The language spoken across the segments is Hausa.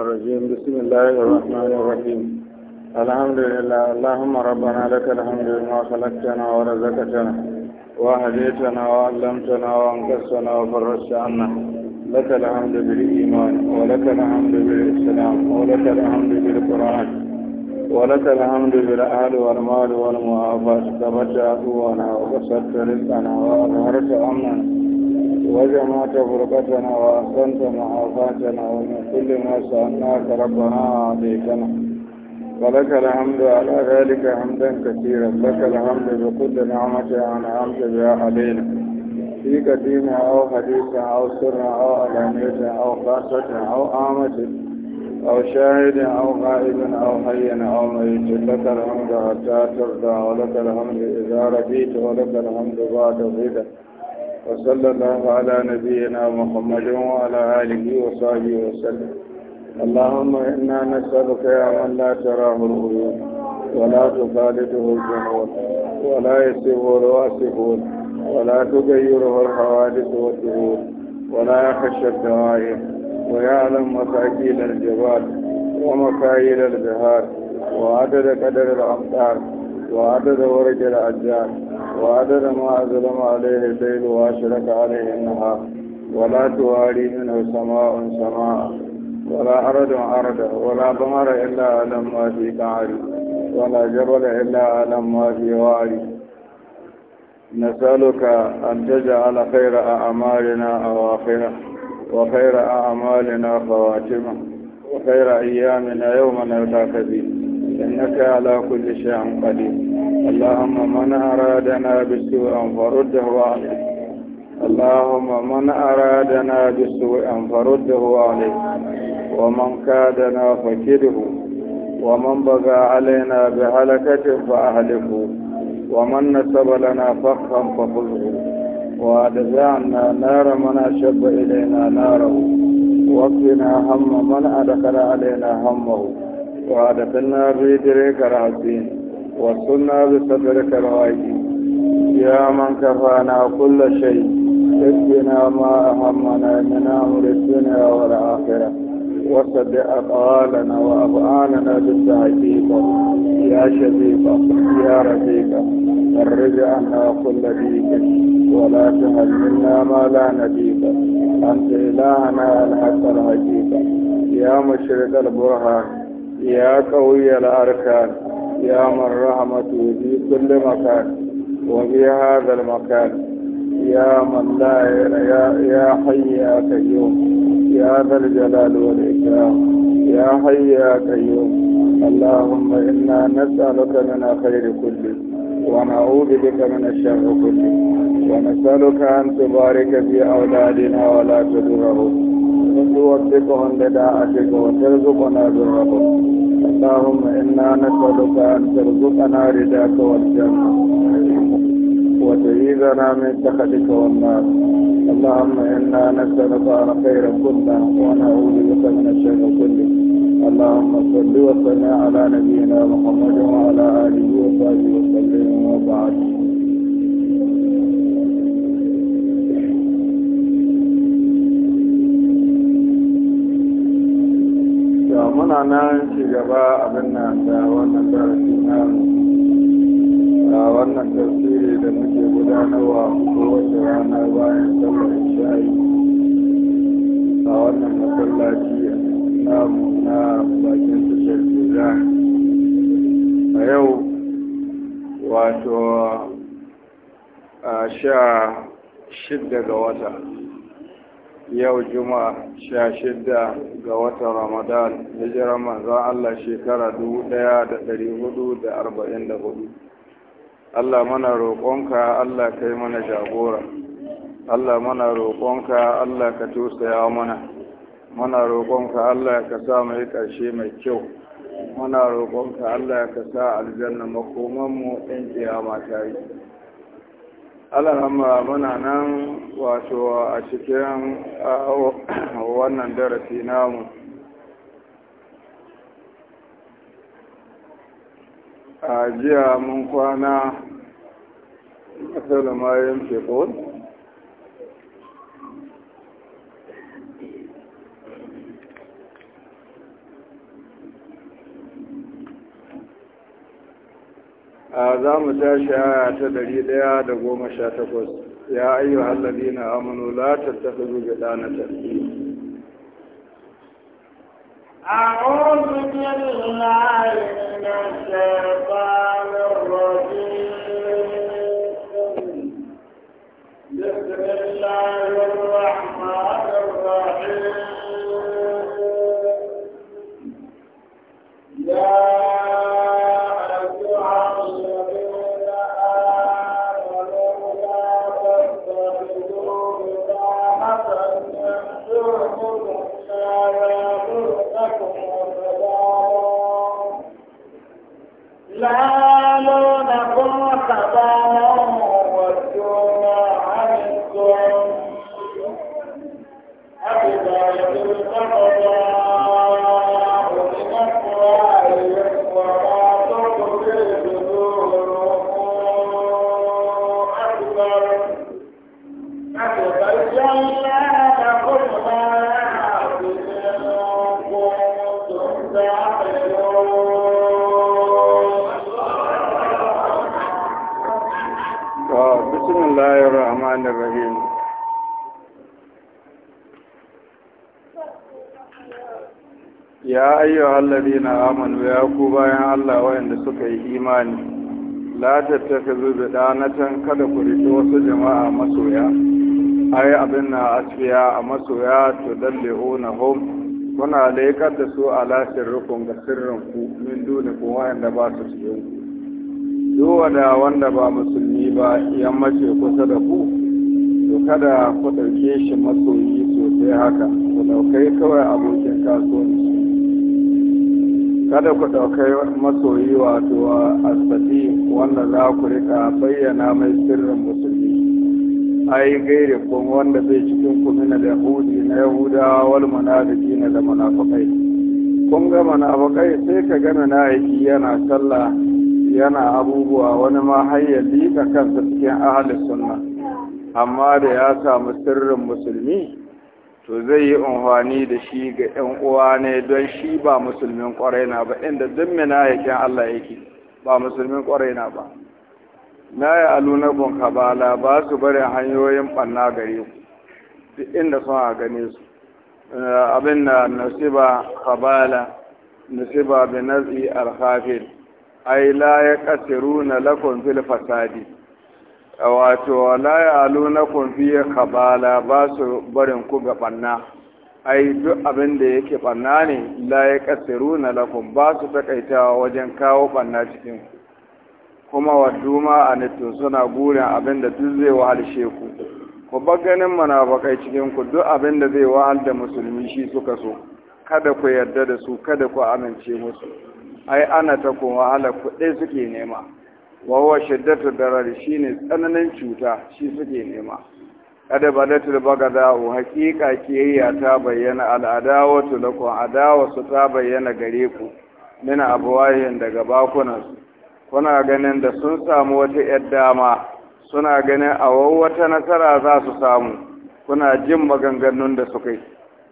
الرجيم بسم الله الرحمن الرحيم الحمد لله اللهم ربنا لك الحمد لما خلقتنا ورزقتنا وهديتنا وعلمتنا وانقذتنا وفرجت عنا لك الحمد بالإيمان ولك الحمد بالإسلام ولك الحمد بالقرآن ولك الحمد بالأهل والمال والمعافاة كبت عدونا وبسطت رزقنا وظهرت امنا وجمعت فرقتنا وأحسنت معافاتنا ومن كل ما سألناك ربنا أعطيتنا ولك الحمد على ذلك حمدا كثيرا لك الحمد بكل نعمة أنعمت بها علينا في قديم أو حديث أو سر أو علانية أو خاصة أو عامة أو شاهد أو غائب أو حي أو ميت لك الحمد حتى ترضى ولك الحمد إذا رضيت ولك الحمد بعد رضا وصلى الله على نبينا محمد وعلى آله وصحبه وسلم اللهم إنا نسألك يا من لا تراه الغيوب ولا تخالطه الجنود ولا يسبه الواسفون ولا تغيره الحوادث والدهور ولا يخشى الدوائر ويعلم مساكين الجبال ومكايل البهار وعدد قدر الأمطار وعدد ورج الأشجار وعدد ما ظلم عليه الليل واشرك عليه النهار ولا تواري منه سماء سماء ولا أرض أرضا ولا بمر إلا أعلم ما في تعري ولا جبل إلا أعلم ما في وعري نسألك أن تجعل خير أعمالنا أواخرة وخير أعمالنا خواتمة وخير أيامنا يوم نلقاك به إنك على كل شيء قدير اللهم من أرادنا بسوء فرده عليه اللهم من أرادنا بسوء فرده عليه ومن كادنا فكده ومن بغى علينا بهلكة فأهلكه ومن نسب لنا فخا فخذه وأدفعنا نار من أشب إلينا ناره واقفنا هم من أدخل علينا همه وأدخلنا في دريك رهسين وصلنا بصدرك الغايب يا من كفانا كل شيء اكفنا ما أهمنا من أمر الدنيا والآخرة وصدق أقوالنا وأفعالنا بالتعجيب يا شفيق يا رفيق فرج عنا كل ضيق ولا تهملنا ما لا نبيك أنت إلهنا الحق الحقيقة يا مشرق البرهان يا قوي الأركان يا من رحمته في كل مكان وفي هذا المكان يا من لا يا يا حي يا قيوم يا ذا الجلال والاكرام يا حي يا قيوم اللهم انا نسالك من خير كله ونعوذ بك من الشر كله ونسالك ان تبارك في اولادنا ولا تدرهم وتوفقهم لداعتك وترزقنا برهم اللهم إنا نسألك أن ترزقنا رداك والجنة وتعيذنا من سخطك والنار اللهم إنا نسألك خير كله ونعوذ بك من الشر كله اللهم صل وسلم على نبينا محمد وعلى آله وصحبه وسلم وبعد muna nan gaba abin nan da wannan darasi na a wannan tafsiri da muke gudanarwa ko wata rana bayan sallar shayi a wannan masallaci namu na bakin tashar jira a yau wato a sha shidda ga wata yau juma'a sha shidda ga watan ramadan hijirar manzon allah shekara dubu ɗaya da ɗari hudu da arba'in da hudu allah mana roƙonka allah kai mana jagora allah mana roƙonka allah ka tusaya mana mana roƙonka allah ka sa mai ƙarshe mai kyau mana roƙonka allah ka sa aljanna makomanmu ɗin ƙiyama ta yi alhamma muna nan wato a cikin wannan darasi namu a jiya mun kwana a matsalamayin tekun za mu tashi aya ta ɗari ɗaya da goma sha takwas ya ayyu hallabi na amanu la tattaka na ɗana tafi أعوذ بالله من الشيطان الرجيم بسم الله الرحمن الرحيم يا لا ya ayyuhal na amanu ya ku bayan Allah wayanda suka yi imani la na can kada ku rike wasu jama'a masoya ai abin na asfiya a masoya to dallihuna hum kuna laikar da su ala rukun ga sirrin ku min duni ku wayanda ba su cikin ku da wanda ba musulmi ba mace kusa da ku to kada ku ɗauke shi masoyi sosai haka ku ɗaukai kawai abokin kasuwanci kada ku ɗaukai masoyi wato asibiti wanda za ku rika bayyana mai sirrin musulmi ai gairin kun wanda zai cikin ku mina da yahudi na yahudawa wal munafiki na da munafikai kun ga manafakai sai ka na aiki yana sallah yana abubuwa wani ma har lika kansa cikin ahli sunna amma da ya samu sirrin musulmi to zai yi unhwani da shi ga ‘yan uwa ne don shi ba musulmin ƙwarai na ba inda ya yakin Allah yake ba musulmin ƙwarai na ba na yi alunabun kabala ba su bari hanyoyin ɓanna gare ku duk inda sun a gane su eh, abin da nasiba kabala nasiba bi nazi alhafil ai la ya kasiru na lakon fil fasadi wato la na fi khabala ba su barin ku ga banna ai duk abin da yake banna ne la na lakum ba su takaitawa wajen kawo banna cikin kuma a anittu suna gurin abin da duk zai wahalshe ku ku ba ganin munafikai cikin ku duk abin da zai wahal da musulmi shi suka so kada ku yarda da su kada ku amince musu ai ana ta kuma wahala ku suke nema wa huwa shiddatu darar shine tsananin cuta shi suke nema kada ba datul bagadahu haqiqa kiyayya ta bayyana al'adawatu lakum adawatu ta bayyana gare ku min abwahin daga bakunan su kuna ganin da sun samu wata yar dama suna ganin a wata nasara za su samu kuna jin maganganun da suka yi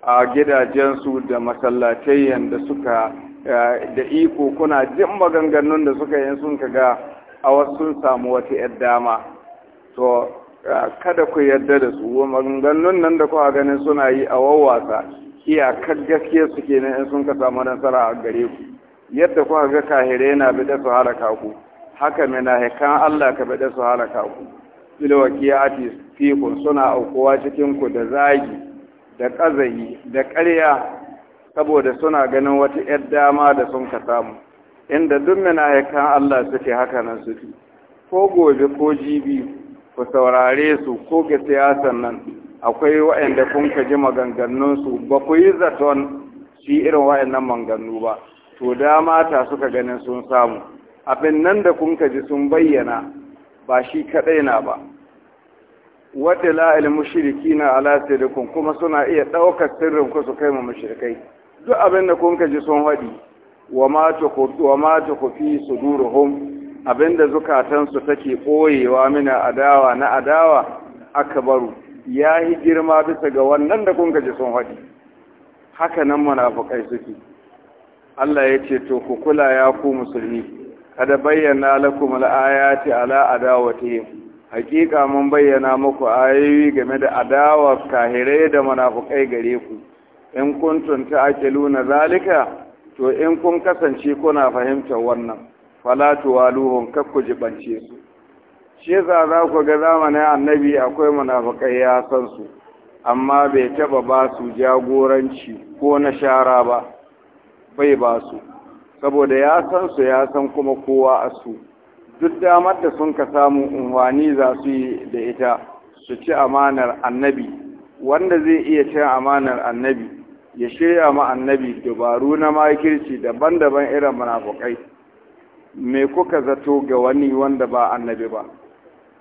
a gidajensu da masallatai yadda suka eh, da iko kuna jin maganganun da suka yi sun ka ga a wasu sun samu wata ‘yar dama to kada ku yarda da su maganganun nan da kuka ganin suna yi a wawasa iyakar gaske suke na in sun ka samu nasara a gare ku yadda kuka ga kahire na da su halaka ku haka na menahikan Allah ka da su halaka ku bilwakiyati fikun suna aukuwa cikin ku da zagi da kazayi da ƙarya saboda suna ganin wata 'yar dama da sun ka samu inda duk munafikan Allah suke haka nan suke ko gobe ko jibi ku saurare su ko ga siyasan nan akwai waɗanda kun ka ji maganganun su ba ku yi zaton shi irin waɗannan maganganu ba to da mata suka ganin sun samu abin nan da kun ka ji sun bayyana ba shi kaɗai na ba wadda la'il mushiriki na alasirikun kuma suna iya ɗaukar sirrin ku su kai mu mushirikai duk abin da kun ka ji sun haɗi wa ma tukufi suduruhum abinda zukatansu take ɓoyewa mina adawa na adawa Aka Ya yi girma bisa ga wannan da kun gaji sun haɗi haka nan munafukai suke Allah ya ce to ku kula ya ku musulmi kada bayyana lakum al-ayati ala adawatihim hakika mun bayyana muku ayoyi game da adawa kahirai da munafukai gare ku in kuntum ta'qiluna zalika to in kun kasance kuna fahimtar wannan fala tuwaluhum kakku jibance su shi yasa za ku ga zamanin annabi akwai munafikai ya san su amma bai taba ba su jagoranci ko na shara ba bai ba su saboda ya san su ya san kuma kowa a su duk damar da sun ka samu unwani za su yi da ita su ci amanar annabi wanda zai iya cin amanar annabi ya shirya ma annabi dabaru na makirci daban-daban irin munafukai me kuka zato ga wani wanda ba annabi ba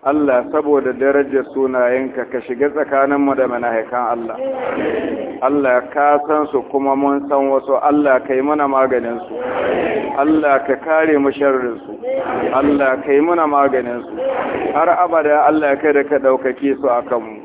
Allah saboda darajar sunayenka ka shiga tsakaninmu da manahikan Allah Allah ka san su kuma mun san wasu Allah ka yi mana maganinsu Allah ka kare mu sharrinsu Allah ka yi mana maganinsu har abada Allah kada ka ɗaukake su a kanmu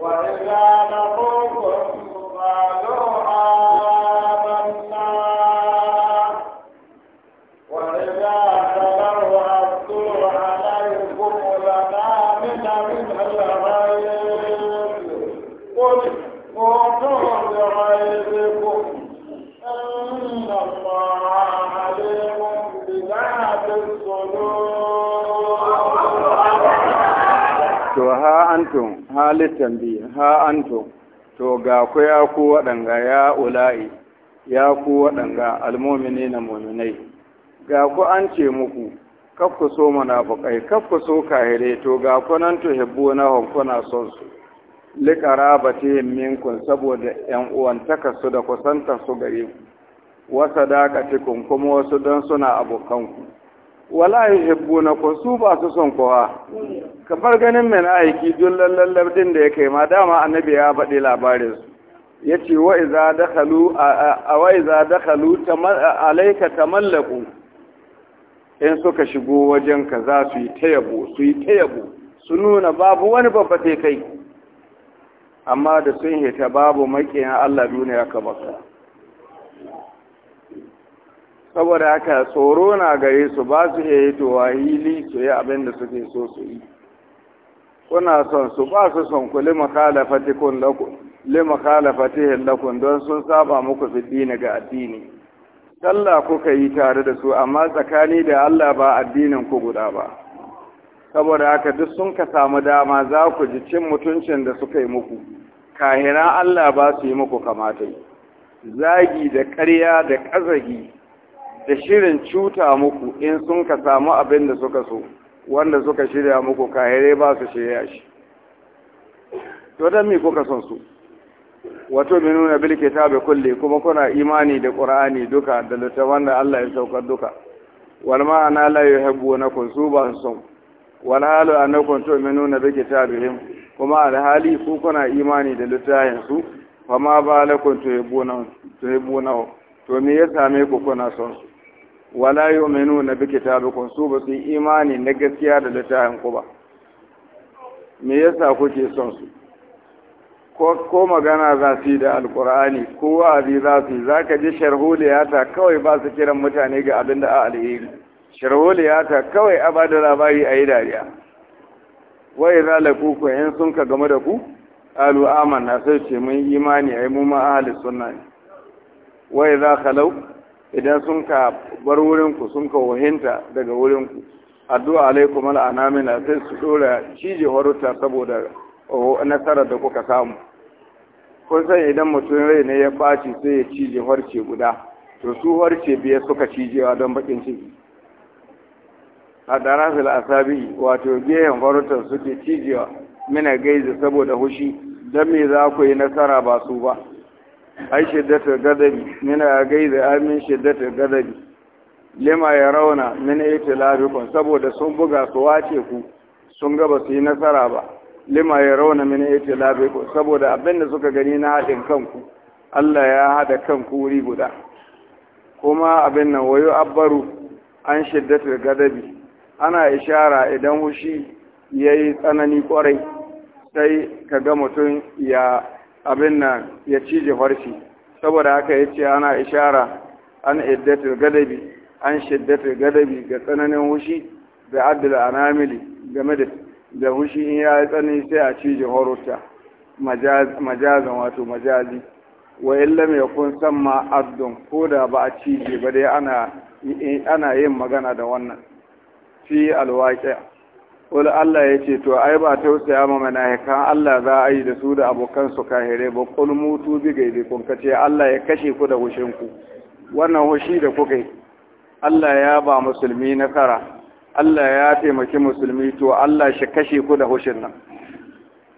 وإذا نقوكم halittan bi ha anto to ga ku ya ku waɗanga ya ula'i ya ku waɗanga almomini na mominai ga ku an ce muku kaf ku so munafukai kaf ku so kahire to ga ku nan to hibbu na kuna son su liƙarabatihim minkum saboda 'yan uwantakarsu da kusantar su gare ku wa sadaqatikum kuma wasu dan suna abokanku wala yuhibbuna ko su ba su son kowa kamar ganin mai aiki don lallallar din da ya kai ma dama annabi ya faɗi labarin su ya ce wa iza a dakalu ta dakhalu ta mallaku? in suka shigo wajen ka za su yi ta yabo su yi ta yabo su nuna babu wani babba sai kai amma da sun hita babu makiyan Allah duniya ka baka saboda haka tsoro na gare su ba su iya yi towa hili su yi abin da suke so su yi kuna son su ba su son ku lima lima khalafatihin lakun don sun saba muku fiddini ga addini sallah kuka yi tare da su amma tsakani da Allah ba addinin ku guda ba saboda haka duk sun ka samu dama za ku ji cin mutuncin da suka yi muku kahina Allah ba su yi muku kamata zagi da ƙarya da ƙazagi da shirin cuta muku in sun ka samu abin da suka so wanda suka shirya muku kahirai ba su shirya shi to don me kuka son su wato mai nuna bil kitabi kulle kuma kuna imani da qur'ani duka da littafan da Allah ya saukar duka wal ma'ana la yuhibbu na kun su ba su son wal halu annakum tu'minuna bi kitabihim kuma hali ku kuna imani da littafin su fa ma balakum tuhibbuna tuhibbuna to me ya same ku kuna son su wala yu'minu na bi kitabikum su ba su yi imani na gaskiya da littafin ku ba me yasa kuke son su ko magana za su yi da alkur'ani ko wa'azi za su yi za ka ji sharholiyata kawai ba su kiran mutane ga abin da a alheri sharholiyata kawai a ba da labari a yi dariya wai za la ku in sun ka game da ku alu amanna sai ce mun imani ai mu ma ahli sunna wai za khalau idan sun ka bar wurinku sun ka wahinta daga wurinku addu'a alaikum al'anamina sai su dora cije horuta saboda oh, nasarar da kuka samu kun san idan mutum rai ne ya ɓaci sai ya cije harce guda to su harce biya suka cijewa don bakin ciki a darafil asabi wato gehen horutar suke cijewa mina gaizi saboda hushi don me za ku yi nasara ba su ba ai shiddatul gadabi min agaiza amin shiddatul gadabi lima yarawna min itlabikum saboda sun buga su wace ku sun ga su yi nasara ba lima yarawna min itlabikum saboda abinda suka gani na haɗin kanku Allah ya haɗa kanku wuri guda kuma abin nan wayo abbaru an shiddatul gadabi ana ishara idan ya yayi tsanani kwarai sai ka ga mutum ya abin nan ya cije farshi saboda haka ya ce ana ishara an iddatul gadabi an shiddatul gadabi ga tsananin hushi da addul anamili game da da hushi in ya yi tsanani sai a cije horota majazan wato majazi wa kun san ma addun ko da ba a cije ba dai ana yin magana da wannan fi alwaqi'a Wani Allah ya ce, To, ai ba tausaya ma manahikan Allah za a yi da su da abokan su kahire ba, ƙul mutu bi gaibi kun kace Allah ya kashe ku da hushinku. Wannan hushi da kuka yi, Allah ya ba musulmi nasara, Allah ya taimaki musulmi to Allah shi kashe ku da hushin nan.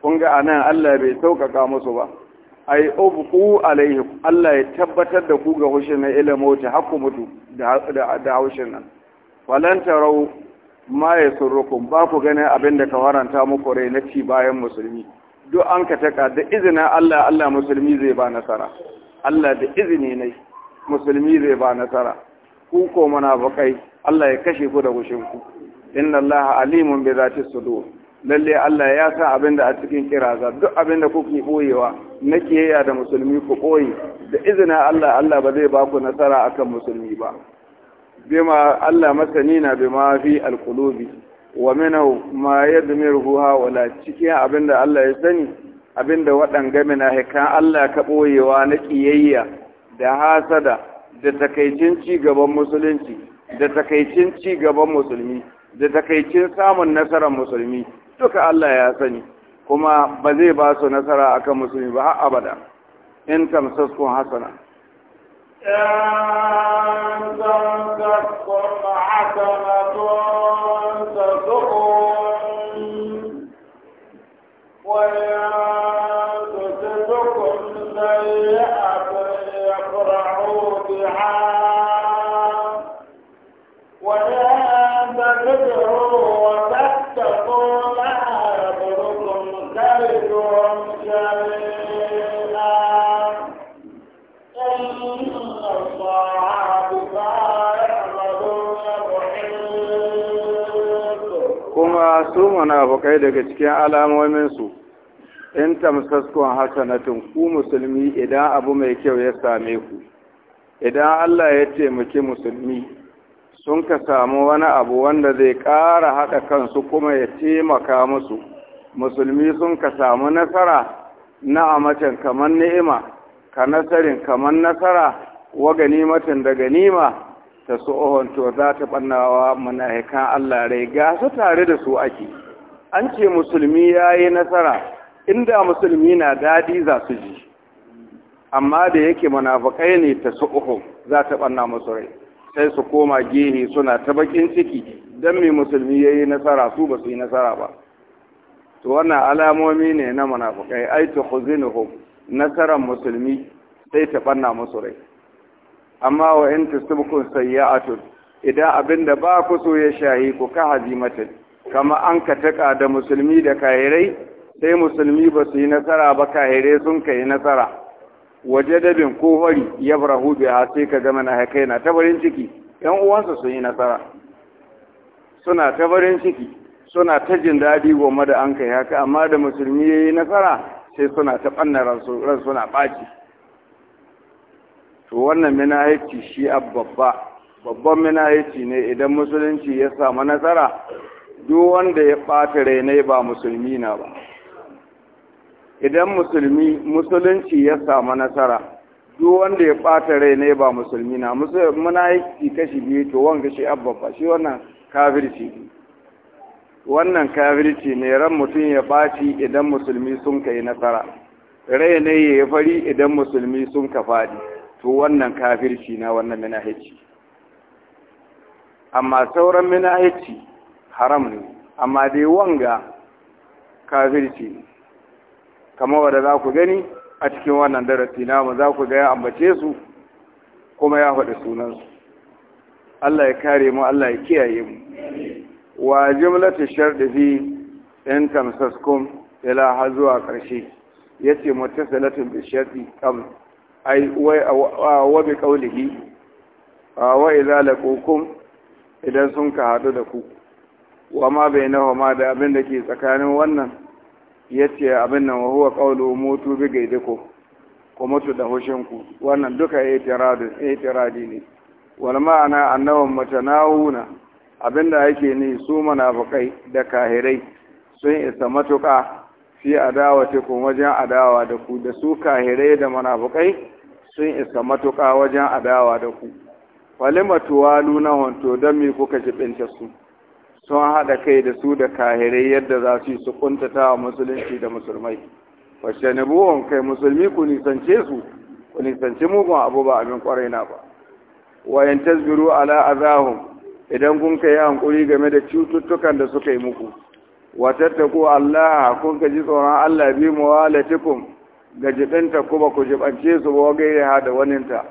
Kun ga anan Allah bai sauƙaƙa musu ba. Ai, ubku alaihi Allah ya tabbatar da ku ga hushin nan ilimoti, hakku mutu da hushin nan. walan tarau ma ya surrukum ba ku ganin abin da ka waranta muku rai na ci bayan musulmi duk an ka taka da izinin Allah Allah musulmi zai ba nasara Allah da izini ne musulmi zai ba nasara ku ko bakai Allah ya kashe ku da gushinku inna Allah alimun bi zati sudur lalle Allah ya sa abin da a cikin kiraza duk abin da kuke boyewa na kiyayya da musulmi ku boye da izinin Allah Allah ba zai ba ku nasara akan musulmi ba bima Allah masani na bima fi alqulubi wa minhu ma yadmiruha wala cikin abinda Allah ya sani abinda waɗanga mina hikan Allah ka boyewa na kiyayya da hasada da takaicin ci gaban musulunci da takaicin ci gaban musulmi da takaicin samun nasarar musulmi duka Allah ya sani kuma ba zai ba su nasara akan musulmi ba har abada in tamsaskun hasana إن تمسككم حسنة تسؤهم وإن munafukai daga cikin alamominsu in tamsaskun hasanatin ku musulmi idan abu mai kyau ya same ku idan Allah ya taimaki musulmi sun ka samu wani abu wanda zai ƙara haɗa kansu kuma ya taimaka musu musulmi sun ka samu nasara na amacin kamar ni'ima ka nasarin kamar nasara wa ganimatin da ganima ta su'ohon to za ta ɓannawa mana'ikan Allah rai ga su tare da su ake an ce musulmi ya yi nasara inda musulmi na dadi za su ji amma da yake munafukai ne ta su uku, za ta ɓanna musu rai sai su koma gehe suna ta bakin ciki don mai musulmi ya yi nasara su ba su yi nasara ba to wannan alamomi ne na manafakai ai ta hu, nasarar musulmi sai ta ɓanna musu rai amma wa'in ta tusibkun sayyi'atun idan da ba ku so ya shahi ku ka hazimatin kama an ka taƙa da musulmi da kahirai sai musulmi ba su yi nasara ba kahirai sun ka yi nasara waje dabin ko hori ya barahu biya sai ka gama na haka yana tabarin ciki yan uwansa sun yi nasara suna tabarin ciki suna ta jin daɗi goma da an kai haka amma da musulmi ya yi nasara sai suna ta ɓanna ran suna ɓaci to wannan minahici shi a babba babban minahici ne idan musulunci ya samu nasara duk wanda ya ɓata rainai ba musulmi na ba idan musulmi musulunci ya samu nasara duk wanda ya ɓata rainai ba musulmi na muna yi kashi biyu to wanga shi abba shi wannan kafirci wannan kafirci ne ran mutum ya ɓaci idan musulmi sun kai nasara rainai ya ya fari idan musulmi sun ka faɗi to wannan kafirci na wannan minahici amma sauran minahici haram ne amma dai wanga kafirci kamar wadda za ku gani a cikin wannan darasi namu za ku ga ya ambace su kuma ya faɗi sunansu Allah ya kare mu Allah ya kiyaye mu wa jumlatu shardi fi in tamsaskum ila har karshe yace mutasalatun bi shardi kam ai wa bi qawlihi wa idza laqukum idan sun ka hadu da ku wa ma bai ma da abin da ke tsakanin wannan ya ce abin nan wahuwa ƙaunar mutu bi gaidako ku mutu da hushinku wannan duka tiradi ne wal ma'ana annawan huna abin da yake ne su munafukai da kahirai sun isa matuƙa fi adawa ko wajen adawa da ku da su kahirai da munafukai sun isa matuƙa wajen adawa da ku falimatu walu na honto don me kuka jibinta su sun haɗa kai da su da kahirai yadda za su yi su kuntata wa musulunci da musulmai wacce ne buwan kai musulmi ku nisance su ku nisance mugun abu ba abin kwarai na ba wayan tasbiru ala azahum idan kun kai hankuri game da cututtukan da suka yi muku wa tattaku Allah kun ka ji tsoron Allah bi muwalatikum ga jibinta ku ba ku jibance su ba gaira da waninta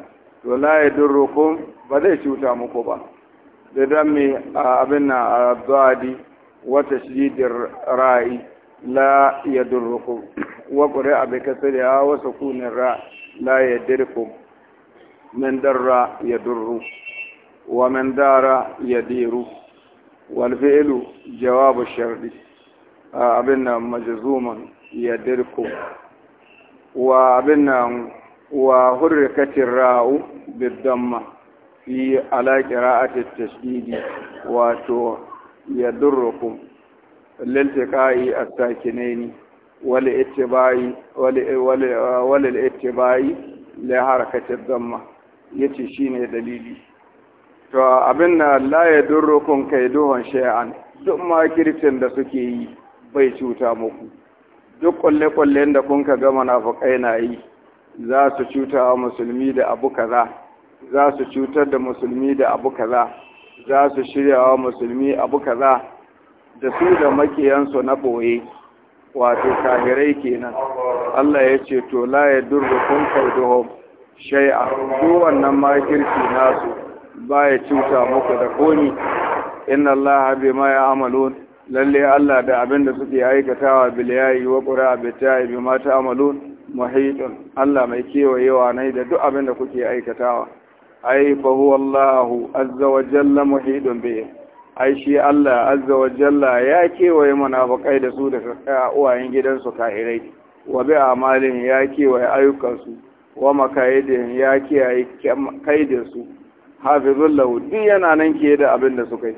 to la yadurrukum ba zai cuta muku ba لدم آه، ابن الضاد وتشديد الرأي لا يدركم وقرئ بكسرها وسكون الراء لا يدركم من در يدر ومن دار يدير والفعل جواب الشرد abin آه، مجزوما يدركم dirko wa الراء بالدم fi ala qira'ati tashdidi wato yadurrukum liltiqa'i as-sakinaini wal ittiba'i wal wal ittiba'i li Ya ce yace shine dalili to abin na la kai kaiduhun shay'an duk makircin da suke yi bai cuta muku duk kwalle-kwallen da kun ka gama na yi za su cuta wa musulmi da abu kaza za su cutar da musulmi da abu kaza za su shiryawa musulmi abu kaza da su da makiyansu na boye wato kahirai kenan Allah ya ce to la ya durru kun kauduhum shay'a duk wannan makirci nasu Ba ya cuta muku da komi inna Allah ma ya'malun lalle Allah da abin da suke aikatawa bil yayi wa qura bi ta'i ma ta'malun muhitun Allah mai kewayewa ne da duk abin da kuke aikatawa ai fa huwa Allahu azza wa jalla muhidun bi ai shi Allah azza wa jalla ya kewaye munafikai da su da uwayen gidansu kahirai wa bi amalin ya kewaye ayyukansu wa makaidin ya kiyaye kaidinsu hafizul lahu duk yana nan ke da abin da suka yi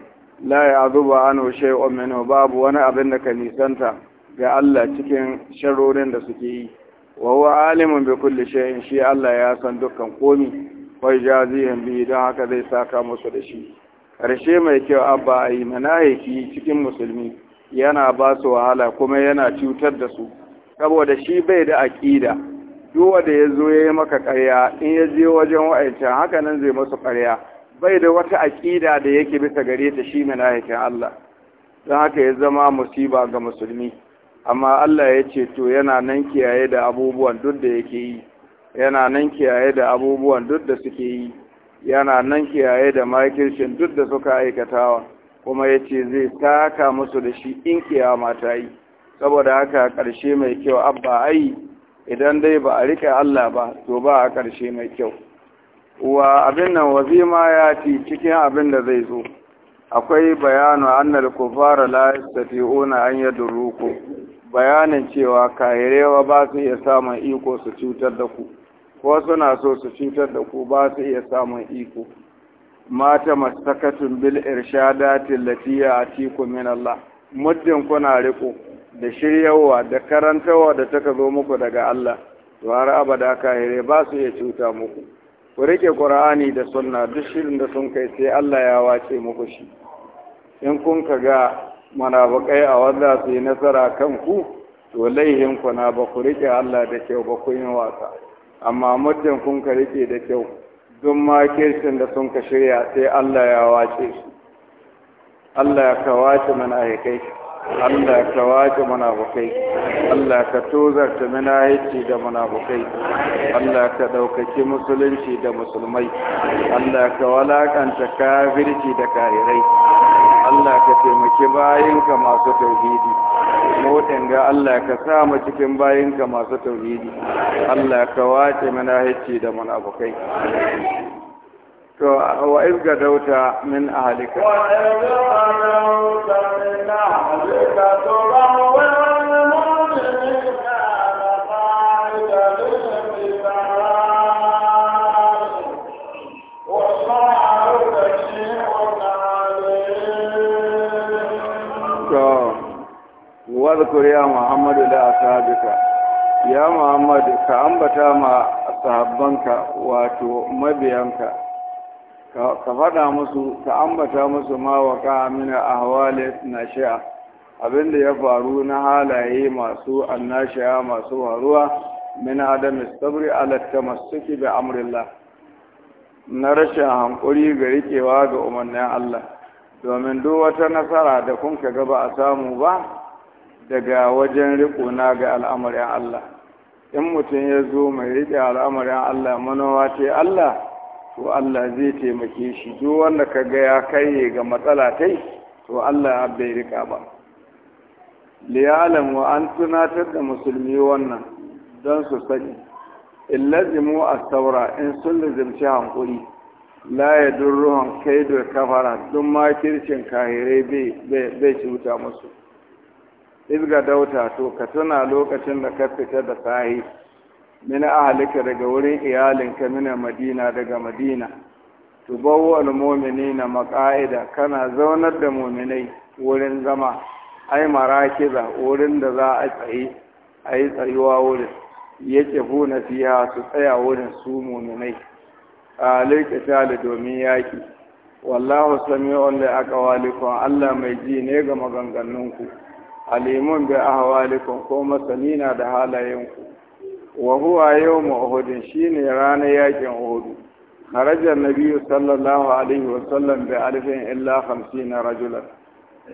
la ya'zuba anhu shay'un minhu babu wani abin da ka nisanta ga Allah cikin sharorin da suke yi wa huwa alimun bi kulli shay'in shi Allah ya san dukkan komi wai bi don haka zai saka musu da shi Karshe mai kyau abba a yi manahiki cikin musulmi yana ba su wahala kuma yana cutar da su saboda shi bai da aƙida duk wanda ya zo ya yi maka ƙarya in ya je wajen wa'ancan haka nan zai masu ƙarya bai da wata aƙida da yake bisa gare ta shi manahikin Allah don haka ya zama musiba ga musulmi amma Allah ya ce to yana nan kiyaye da abubuwan duk da yake yi yana nan kiyaye da abubuwan duk da suke yi yana nan kiyaye da makircin duk da suka aikatawa kuma ya ce zai taka musu da shi in kiyama ta yi saboda haka ƙarshe mai kyau abba ai idan dai ba a riƙe Allah ba to ba a ƙarshe mai kyau wa abin nan wazima ya ci cikin abin da zai zo akwai bayanu annal kufara la yastati'una an yadruku bayanin cewa kayirewa ba su iya samun iko su cutar da ku wasu na so su cutar da ku ba su iya samun iko mata Sakatun, bil irshadatin latiya a tiku min Allah muddin kuna riko da shiryawa da karantawa da taka zo muku daga Allah to har abada kahire ba su iya cuta muku ku rike qur'ani da sunna duk shirin da sun kai sai Allah ya wace muku shi in kun ka ga munafiqai a wanda su yi nasara kan ku to laihin ku na ba ku rike Allah da kyau ba ku yin wasa amma muddin kun ka rike da kyau don kirsin da sun ka shirya sai Allah ya wace su Allah ka wace aikai Allah ka wace bukai Allah ka mana aiki da bukai Allah ka ɗaukaki musulunci da musulmai Allah ka walakanta kafirci da kafirai Allah ka taimaki bayinka masu tauhidi rahoton ga Allah ka sa mu cikin bayinka masu tauhidi Allah ka wace mana hicci da munafukai to wa izga dauta min ahlika wa izga dauta min ahlika to wadhkur ya muhammadu la ashabika ya muhammadu ka ambata ma sahabbanka wato mabiyanka ka faɗa musu ka ambata musu ma waka mina ahwali nashi'a abinda ya faru na halaye masu annashi'a masu waruwa min adam sabri ala tamassuki bi amrillah na rashin hankuri ga rikewa ga umarnin Allah domin duk wata nasara da kun ka ba a samu ba daga wajen riƙona ga al'amarin Allah in mutum ya zo mai riƙe al'amarin Allah manowa ce Allah to Allah zai taimake shi duk wanda ka ga ya kai ga matsala tai to Allah bai riƙa ba wa an tunatar da musulmi wannan don su sani in lazimu a saura in sun lazimci hankuri la ya durruhan da kafara duk makircin kahirai bai cuta musu izga dauta to ka tuna lokacin da ka fita da sahi min ahalika daga wurin iyalinka min madina daga madina tubawu na maqa'ida kana zaunar da mu'minai wurin zama ai marakiza wurin da za a tsaye ai tsayuwa wurin yake huna fiya su tsaya wurin su mu'minai alayka da domin yaki wallahu sami'un li aqwalikum Allah mai ji ne ga maganganunku alimun bi ahwalikum ko masanina da halayenku wa huwa yawmu uhud shine ranar yakin uhud kharaja nabi sallallahu alaihi wa sallam bi alfin illa 50 rajula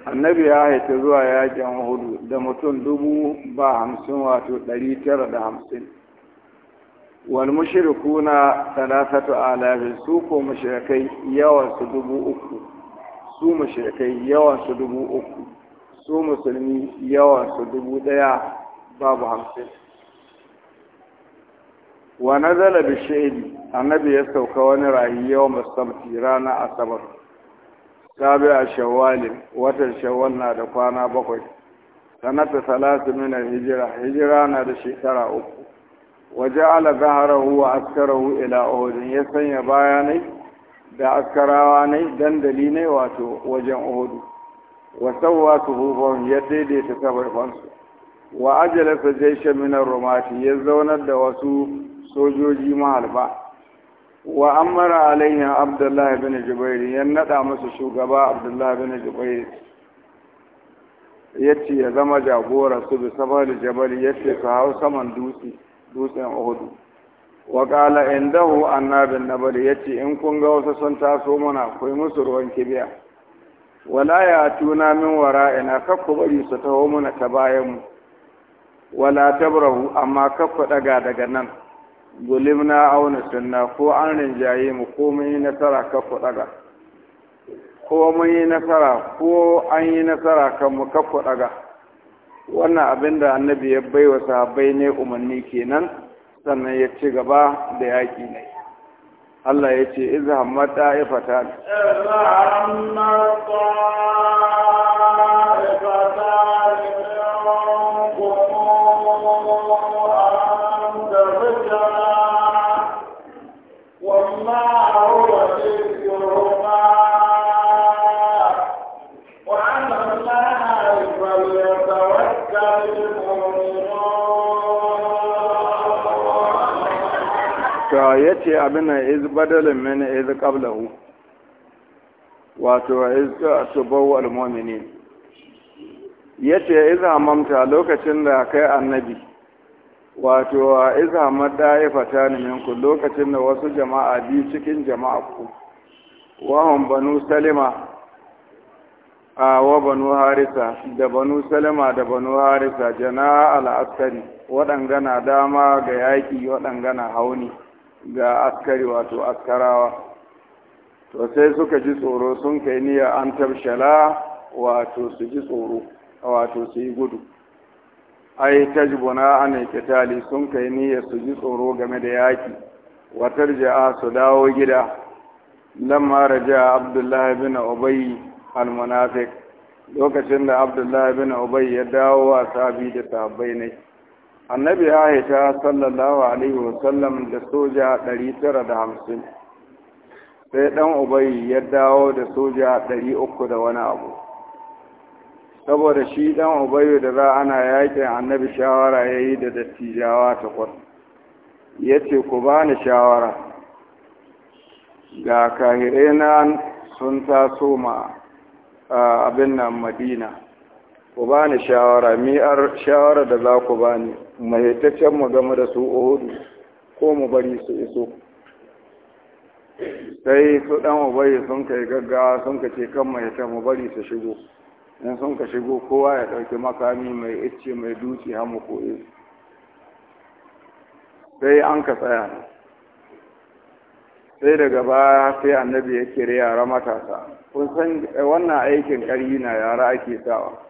annabi ya haita zuwa yakin uhud da mutum dubu ba hamsin wato ɗari tara da hamsin wal mushrikuna talatatu alafin su ko mushrikai yawan su dubu uku su mushrikai yawan su dubu uku su musulmi yawan su dubu ɗaya babu hamsin wa nazala bi shaidi annabi ya sauka wani rahi yawan musamman rana asabar sabi a shawwalin watan shawwal na da kwana bakwai sanata salatu min hijira hijira na da shekara uku waje ja'ala zaharahu wa askarahu ila uhudin ya sanya bayanai da askarawa ne dandali ne wato wajen uhudu wa sawwa suhufahum ya daidaita sabarfansu wa ajalasa jaishan minar rumati ya zaunar da wasu sojoji mahalfa wa amara alaihin abdullahi bin jubairi ya nada musu shugaba abdullahi bin jubairi ya ce ya zama jagora su bi safar jabal ya ce su hau saman dutse dutsen uhudu wa kala indahu annabin nabari ya ce in kun ga wasu sun taso mana kai musu ruwan kibiya wala ya tuna min wara? Ina kakku bari su taho mana ta mu wala ta tabrahu amma kakku daga daga nan na auna sunna ko an rinjaye mu ko mun yi nasara kakku daga ko mun yi nasara ko an yi nasara kan mu kakku daga wannan abin da annabi ya baiwa sahabbai ne umarni kenan sannan ya ci gaba da yaƙi ne Allah ya ce iza hamma ta'ifatan iza hamma ya ce abin nan iz badalin min iz qablahu wato iz tubawu almu'minin ya ce iz hamamta lokacin da kai annabi wato iz hamadda ya fata ni minku lokacin da wasu jama'a biyu cikin jama'a ku wahun banu salima a wa banu harisa da banu salima da banu harisa jana al'askari waɗangana dama ga yaƙi waɗangana hauni ga askari wato askarawa to sai suka ji tsoro sun kai niyya an tabshala wato su ji tsoro wato su yi gudu ai tajbuna an kitali sun kai niyya su ji tsoro game da yaki watar ja'a su dawo gida lamma raja abdullahi bin ubay al-munafiq lokacin da abdullahi bin ubay ya dawo wa sabi da sabai ne annabi aisha sallallahu alaihi wasallam da soja 950 sai dan ubai ya dawo da soja 300 da wani abu saboda shi dan ubayu da za ana yakin annabi shawara ya yi da dattijawa takwas ya ce ku bani shawara ga kahire na sun taso ma abin nan madina ku bani shawara mi'ar shawara da za ku bani mahitaccen mu game da su uhudu ko mu bari su iso sai su dan ubayi sun kai gaggawa sun ka ce kan mahita mu bari su shigo in sun ka shigo kowa ya ɗauki makami mai icce mai duci har mu koye sai an ka tsaya sai daga baya sai annabi ya kire yara matasa kun san wannan aikin ƙaryi na yara ake sawa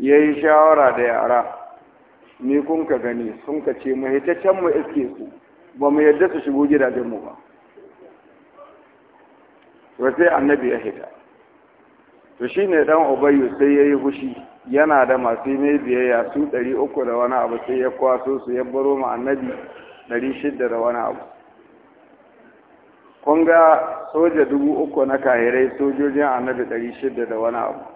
ya yi shawara da yara ni kun ka gani sun ka ce mu hitaccen mu iske su ba mu yadda su shigo gidajenmu ba to sai annabi ya hita to shine dan ubayyu sai ya yi hushi yana da masu mai biyayya su uku da wani abu sai ya kwaso su ya baro mu annabi shida da wani abu kun ga soja uku na kahirai sojojin annabi shida da wani abu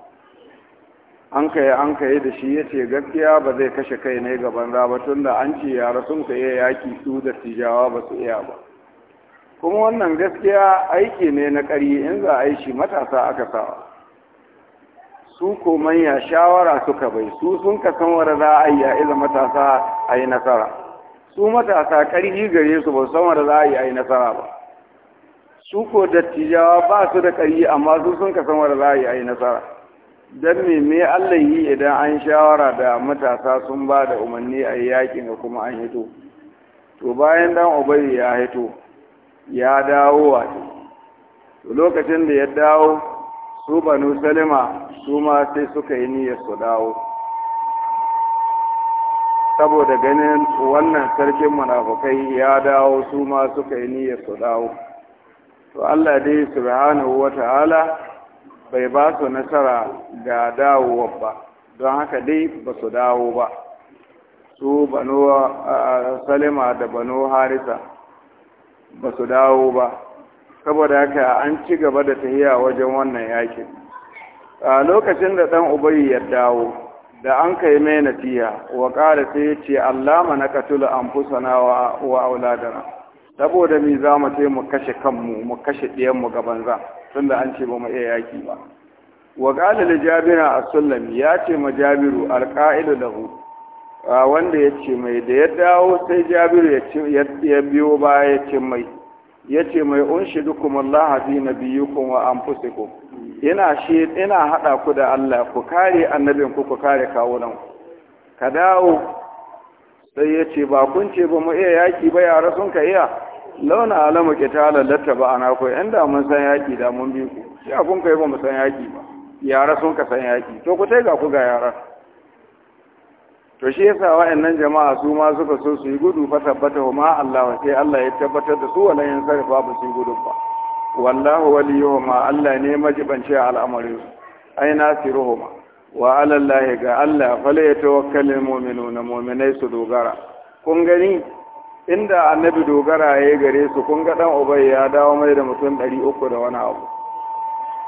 an kai an kai da shi ya ce gaskiya ba zai kashe kai ne gaban ba tun da an ce yara sun ka iya yaki su da tijawa ba su iya ba kuma wannan gaskiya aiki ne na ƙari in za a yi shi matasa aka sawa su ko manya shawara suka bai su sun ka san wara za a yi a iza matasa a yi nasara su matasa ƙarfi gare su ba san wara za a yi a yi nasara ba su ko dattijawa ba su da ƙari amma su sun ka san wara za a yi a yi nasara don me me Allah yi idan an shawara da matasa sun ba da umarni a yakin da kuma an hito to bayan dan ubai ya hito ya dawo wato to lokacin da ya dawo su banu salima su ma sai suka yi niyyar su dawo saboda ganin wannan sarkin munafukai ya dawo su ma suka yi niyyar su dawo to Allah dai subhanahu ta'ala. bai ba su nasara ga dawowa ba don haka dai ba su dawo ba su banu salima da banu harisa ba su dawo ba saboda haka an ci gaba da tahiya wajen wannan yakin a lokacin da ɗan ubayi ya dawo da an kai mai natiya wa ƙara sai ya ce allama na katula an fusana wa auladana saboda me za mu sai mu kashe kanmu mu kashe ɗiyanmu ga banza tunda an ce ba mu iya yaki ba wa qala li jabira as sallam ya ce ma jabiru al-qa'ilu lahu wanda ya ce mai da ya dawo sai jabiru ya ce biyo baya ya ce mai ya ce mai unshidukum Allah fi nabiyyikum wa anfusikum ina shi ina hada ku da Allah ku kare annabin ku ku kare kawunan ka dawo sai ya ce ba kun ce ba mu iya yaki ba yara sun ka iya launa alama ke ta lalata ba ana ko inda mun san yaƙi da mun bi ku shi abun kai ba mu san yaƙi ba yara sun ka san yaƙi to ku tai ga ku ga yara to shi yasa wa'annan jama'a su ma suka so su yi gudu fa tabbata ma Allah sai Allah ya tabbatar da su wala yin sarfa ba su yi gudu ba wallahu waliyuhuma Allah ne majibanci al'amarin su ai nasiruhuma wa ala Allah ga Allah la yatawakkalul mu'minuna mu'minai su dogara kun gani inda annabi dogara ya gare su kun ga dan ubai ya dawo mai da mutum ɗari da wani abu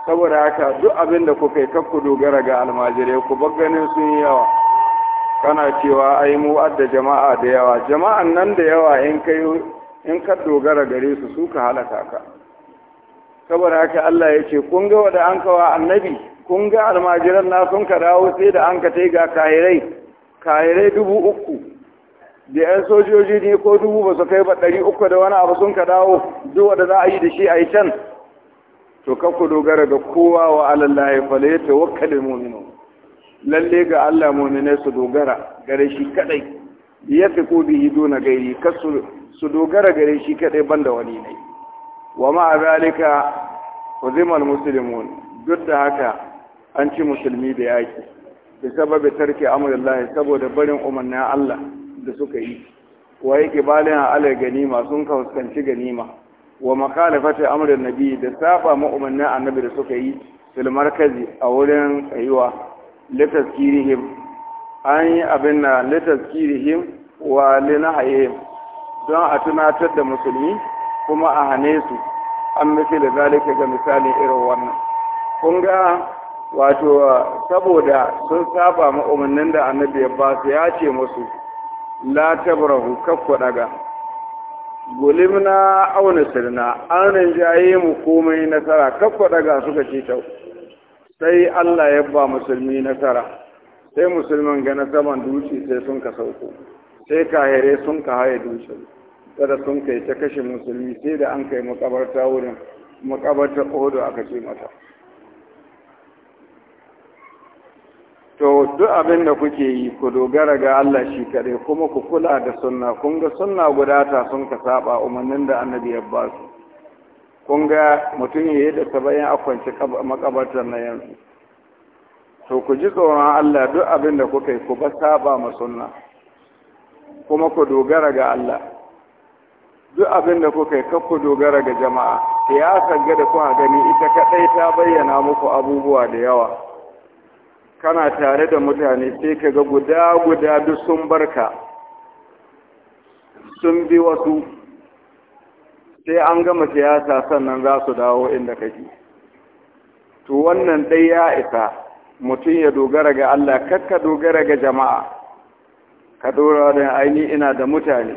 saboda haka duk abin da kuka yi kakku dogara ga almajirai ku bar ganin sun yi yawa kana cewa ai mu adda jama'a da yawa jama'an nan da yawa in kai in ka dogara gare su su ka halaka ka saboda haka Allah ya ce kun ga wanda an kawa annabi kun ga almajiran na sun ka dawo sai da an ka tai ga kahirai kahirai dubu uku da yan sojoji ne ko dubu ba su kai ba ɗari uku da wani abu sun ka dawo duk wanda za a yi da shi a yi can to kan ku dogara ga kowa wa alallahi fala ya tawakkali mu'minu lalle ga Allah mu'minai su dogara gare shi kadai ya fi ko bihi na gairi kar su dogara gare shi kadai banda wani ne wa ma zalika uzimal muslimun duk da haka an ci musulmi da yaki bi sababi tarki amrillahi saboda barin umarnin Allah da suka yi wa yake a alar ganima sun ka fuskanci ganima wa makhalafati amrin nabi da saba mu'minin annabi da suka yi fil markazi a wurin ayuwa litaskirihim an yi abin na litaskirihim wa linahayim don a tunatar da musulmi kuma a hane su an mace da zalika ga misalin irin wannan kun ga wato saboda sun saba ma'umannin da annabi ya ba su ya ce musu la tabrahu kakku daga gulimna aw nasirna an rinjaye mu komai nasara kakku daga suka ce tau sai Allah ya ba musulmi nasara sai musulman ga na saman duci sai sun ka sauko sai kahere sun ka haye duci kada sun kai ta kashe musulmi sai da an kai makabarta wurin makabarta odo aka ce mata to duk abin da kuke yi ku dogara ga Allah shi kaɗai kuma ku kula da sunna kun ga sunna guda ta sun ka saba umarnin da annabi ya ba su kun ga mutum ya yi da saba'in a kwanci makabartar na yanzu to ku ji tsoron Allah duk abin da kuka ku ba saba ma sunna kuma ku dogara ga Allah duk abin da kuka yi ku dogara ga jama'a ya ga da kuka gani ita kaɗai ta bayyana muku abubuwa da yawa kana tare da mutane sai ka ga guda guda duk sun barka sun bi wasu sai an gama siyasa sannan za su dawo inda kake to wannan dai ya isa mutum ya dogara ga Allah kakka dogara ga jama'a ka dora da aini ina da mutane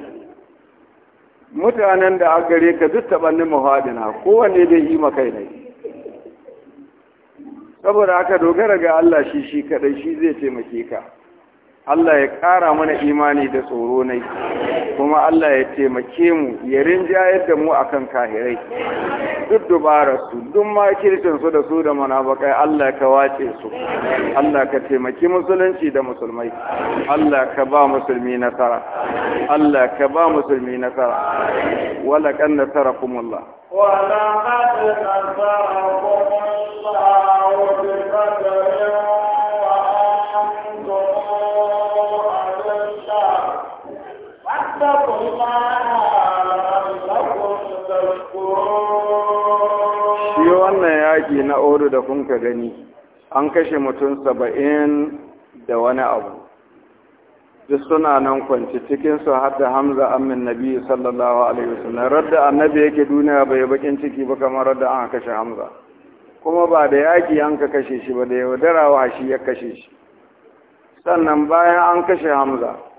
mutanen da a gare ka duk taɓannin mahaɗina kowane da yi makai ne saboda haka dogara ga Allah shi shi kadai shi zai taimake ka Allah ya ƙara mana imani da tsoro nai kuma Allah ya taimake mu ya rinjayar da mu akan kahirai duk dubara su duk makircin su da su da munafikai Allah ka wace su Allah ka taimaki musulunci da musulmai Allah ka ba musulmi nasara Allah ka ba musulmi nasara wala kan nasarakumullah wala qad nasarakumullah wa bi Shi wannan yaƙi na Odu da kunka gani, an kashe mutum saba'in da wani abu. Duk suna nan kwanci cikinsu har da Hamza Amin Nabi sallallahu Alaihi wasallam. Radda annabi yake duniya bai bakin ciki ba kamar radda an kashe Hamza. Kuma ba da yaƙi an ka kashe shi ba da yaudarawa shi ya kashe shi. Sannan bayan an kashe Hamza.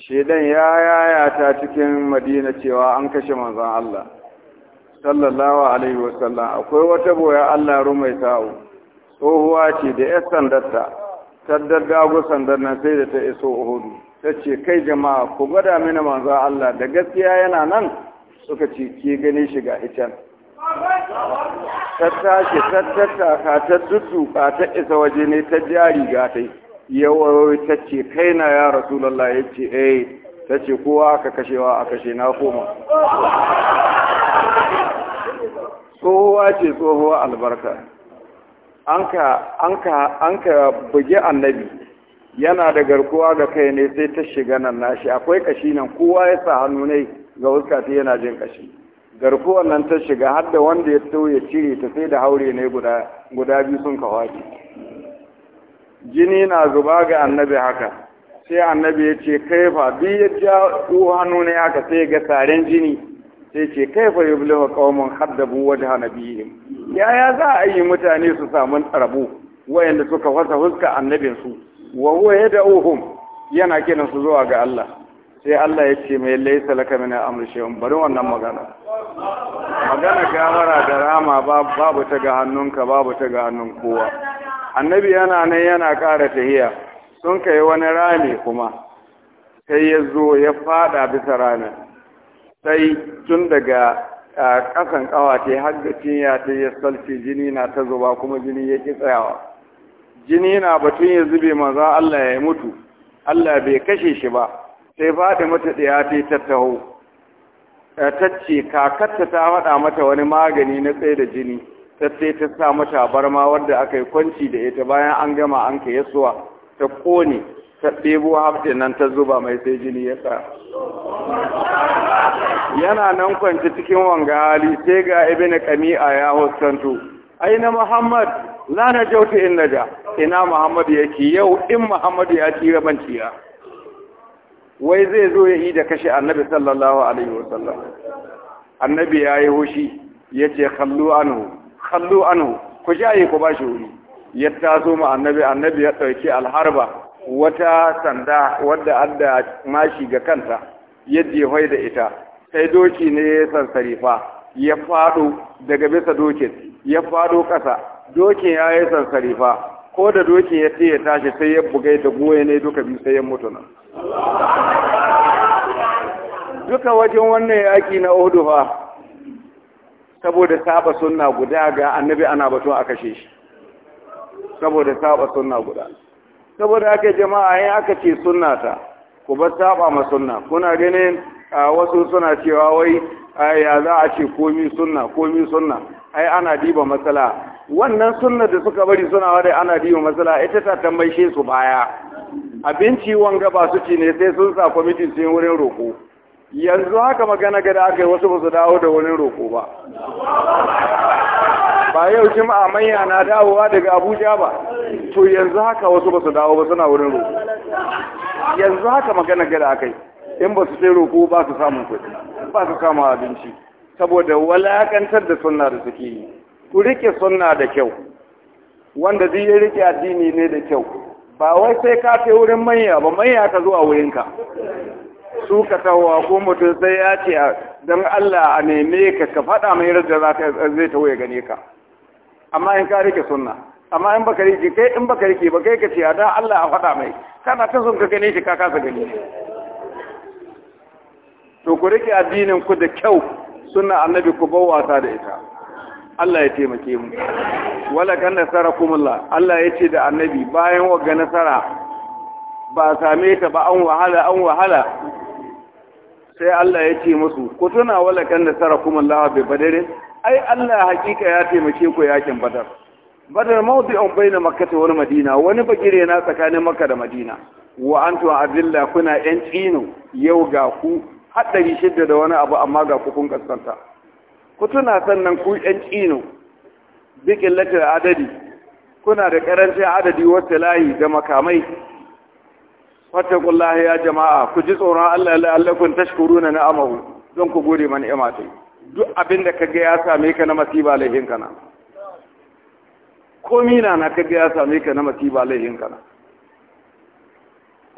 shedan ya yayata cikin madina cewa an kashe manzon Allah sallallahu alaihi wasallam akwai wata boya Allah rumai ta'u tsohuwa ce da yar sandarta da daddago sandar nan sai da ta iso Uhudu ta ce kai jama'a ku gwada mini manzon Allah da gaskiya yana nan suka ce ke gane shi ga ita ta tattaka ta dudduka ta isa waje ne ta jari ga tai ta ce kai na ya rasulallah ya ce eh ta ce kowa aka kashewa a kashe na koma tsohuwa ce tsohuwa albarka an ka bugi annabi yana da garkuwa ga kai ne sai ta shiga nan nashi akwai kashi nan kowa ya sa hannu ne ga wuskati yana jin kashi garkuwa nan ta shiga har da wanda ya tsoye cire ta sai da haure ne guda biyu sun kawace jini na zuba ga annabi haka sai annabi ya ce kaifa bi ya ja hannu ne haka sai ga tsarin jini sai ce kaifa ya bulewa kawamin haddabu wajen ya yaya za a yi mutane su samu rabu wayanda suka fasa huska su wa huwa ya da'uhum yana kiran su zuwa ga Allah sai Allah ya ce mai laisa laka min amri shay'un bari wannan magana magana mara da rama babu ta ga hannunka babu ta ga hannun kowa annabi yana nan yana ƙara tahiya sun kai wani rami kuma sai ya zo ya faɗa bisa ramin sai tun daga ƙasan ta yi da cinya ta ya salfi jini na ta zuba kuma jini ya ƙi tsayawa jini na batun ya zube maza Allah ya yi mutu Allah bai kashe shi ba sai faɗi mata ɗaya ta yi tattaho ta ce kakarta ta faɗa mata wani magani na tsaye da jini sai ta sa mata barma wadda aka yi kwanci da ita bayan an gama an ka yasuwa ta kone ta ɗebo haftin nan ta zuba mai sai jini ya sa yana nan kwanci cikin wanga hali sai ga ibn kami'a ya ai na muhammad la na jauta in naja ina muhammad yake yau in muhammad ya ci ban ciya wai zai zo ya yi da kashe annabi sallallahu alaihi wasallam annabi ya yi hushi ya ce kallu anhu Kallo anhu ku jaye ku bashi wuri ya taso ma annabi annabi ya ɗauki alharba wata sanda wadda adda mashi ga kanta ya jefai da ita sai doki ne ya fa, ya faɗo daga bisa dokin ya faɗo ƙasa dokin ya yi fa, ko da dokin ya ce ya tashi sai ya bugai da goye ne duka biyu sai ya mutu nan duka wajen wannan yaƙi na odufa saboda saba sunna guda ga annabi ana batun a kashe shi saboda saba sunna guda saboda aka jama'a yin aka ce sunna ta ku bar saba ma sunna kuna ganin wasu suna cewa wai ya za a ce komi sunna komi sunna ai ana diba matsala wannan sunna da suka bari suna wada ana diba matsala ita ta tambaishe su baya abinci wanga ba su ci ne sai sun sa kwamitin sun wurin roko yanzu haka magana gada aka yi wasu ba su dawo da wani roƙo ba ba yau jima'a manya na dawowa daga abuja ba to yanzu haka wasu ba su dawo ba suna wurin roƙo yanzu haka magana gada aka yi in ba su sai roƙo ba su samun kuɗi ba su samun abinci saboda walakantar da sunna da suke yi ku rike sunna da kyau wanda zai yi rike addini ne da kyau ba wai sai ka kai wurin manya ba manya ka zuwa wurinka su ka tawa ko mutum sai ya ce don Allah a neme ka ka faɗa mai yadda za ka zai ta ya gane ka amma in ka rike sunna amma in baka rike kai in baka rike ba kai ka ce don dan Allah a faɗa mai kana ta sun ka gane shi ka kasa gani to ku rike addinin ku da kyau sunna annabi ku bau wasa da ita Allah ya taimake mu wala kan nasarakumullah Allah ya ce da annabi bayan ga nasara ba same ta ba an wahala an wahala sai Allah ya ce musu ku tuna wala kan da sara kuma Allah bai badare ai Allah hakika ya taimake ku yakin badar badar mawdi'un baina makkah wani madina wani bagire na tsakanin makka da madina wa antu azilla kuna yan tsino yau ga ku haddari shidda da wani abu amma ga ku kun kaskanta ku tuna sannan ku yan tsino bi qillati adadi kuna da karanci adadi wa layi da makamai fattakullahi ya jama'a ku ji tsoron Allah la'allakum tashkuruna ni'amahu don ku gode mana ni'ama ta duk abinda kage kaga ya same ka na masiba laihin kana komi na na kaga ya same ka na masiba laihin kana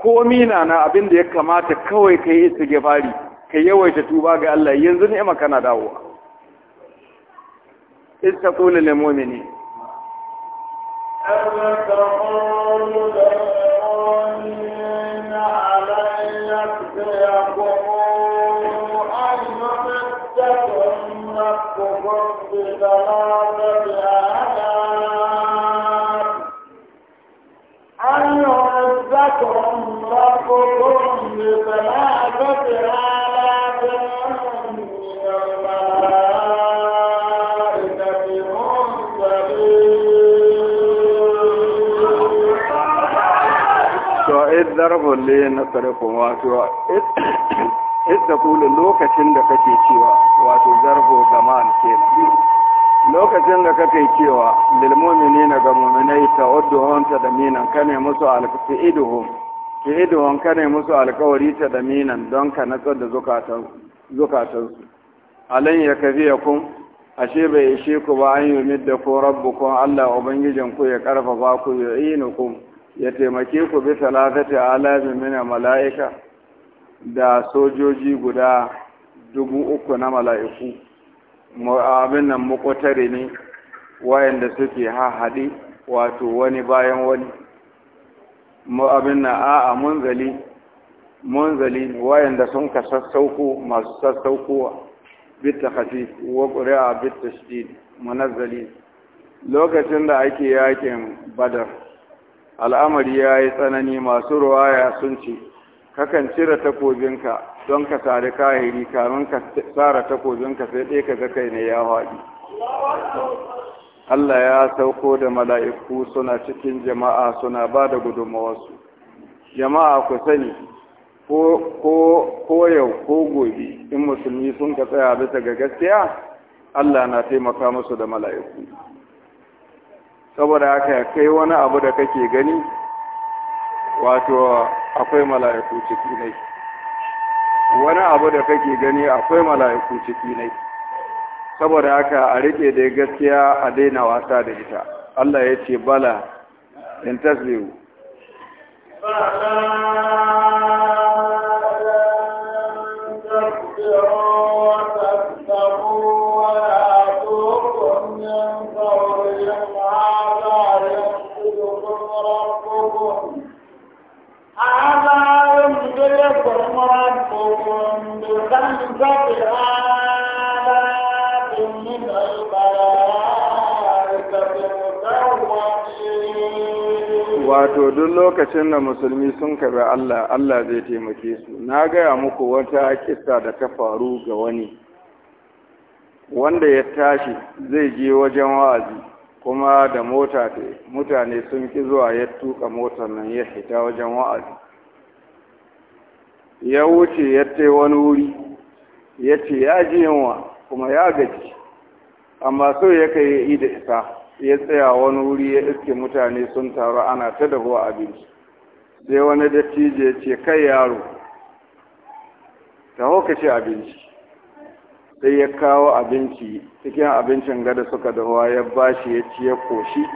komi na na abinda ya kamata kawai kai istighfari ka yawaita tuba ga Allah yanzu ni'ima kana dawowa istaqulu lil mu'mini أَمَّا تَقُولُ أن يعزكم ربكم بثلاثة آلاف li nasarikum wato lokacin da kake cewa wato zarbo zaman lokacin da kake cewa lil mu'minina ga mu'minai tawadduhum tadminan kane musu alfi'iduhum fi'iduhum kane musu alkawari tadminan don ka natsar da zukatan zukatansu alan yakfiyakum ashe bai ishe ku ba an yi midda ko rabbukum Allah ku ya karfafa ku ya ku ya taimake ku bi talatati alamin mina mala'ika da sojoji guda dubu uku na mala'iku abin nan makwatare ne wayanda suke haɗe wato wani bayan wani abin nan a'a munzali munzali wayanda sun ka sassauko masu sassaukowa bitta hafi wa ƙuri'a bitta shi munazzali lokacin da ake yakin badar al'amari ya yi tsanani masu ruwaya sun ce kakan cire takobinka don ka sari kahiri kamin ka tsara takobinka sai ɗaya ka ga kai ne ya haɗi Allah ya sauko da mala'iku suna cikin jama'a suna ba da gudunmawarsu jama'a ku sani ko yau ko gobe in musulmi sun ka tsaya bisa ga gaskiya Allah na taimaka musu da mala'iku saboda haka kai wani abu da kake gani wato akwai mala'iku ciki ne wani abu da kake gani akwai mala'iku ciki ne saboda haka a rike da gaskiya a daina wasa da ita Allah ya ce bala in tasbihu bala Wato duk lokacin da musulmi sun karbi Allah, Allah zai taimake su. Na gaya muku wata kisa da ta faru ga wani, wanda ya tashi zai je wajen wa'azi kuma da mota mutane sun ki zuwa ya tuka motar nan ya hita wajen wa'azi. ya wuce ya ce wani wuri ya ce ya ji yunwa kuma ya gaji amma so ya kai ya yi da isa ya tsaya wani wuri ya iske mutane sun taru ana ta dahuwa abinci sai wani dattijo ya ce kai yaro taho ka ce abinci sai ya kawo abinci cikin abincin gada suka dahuwa ya bashi ya ci ya koshi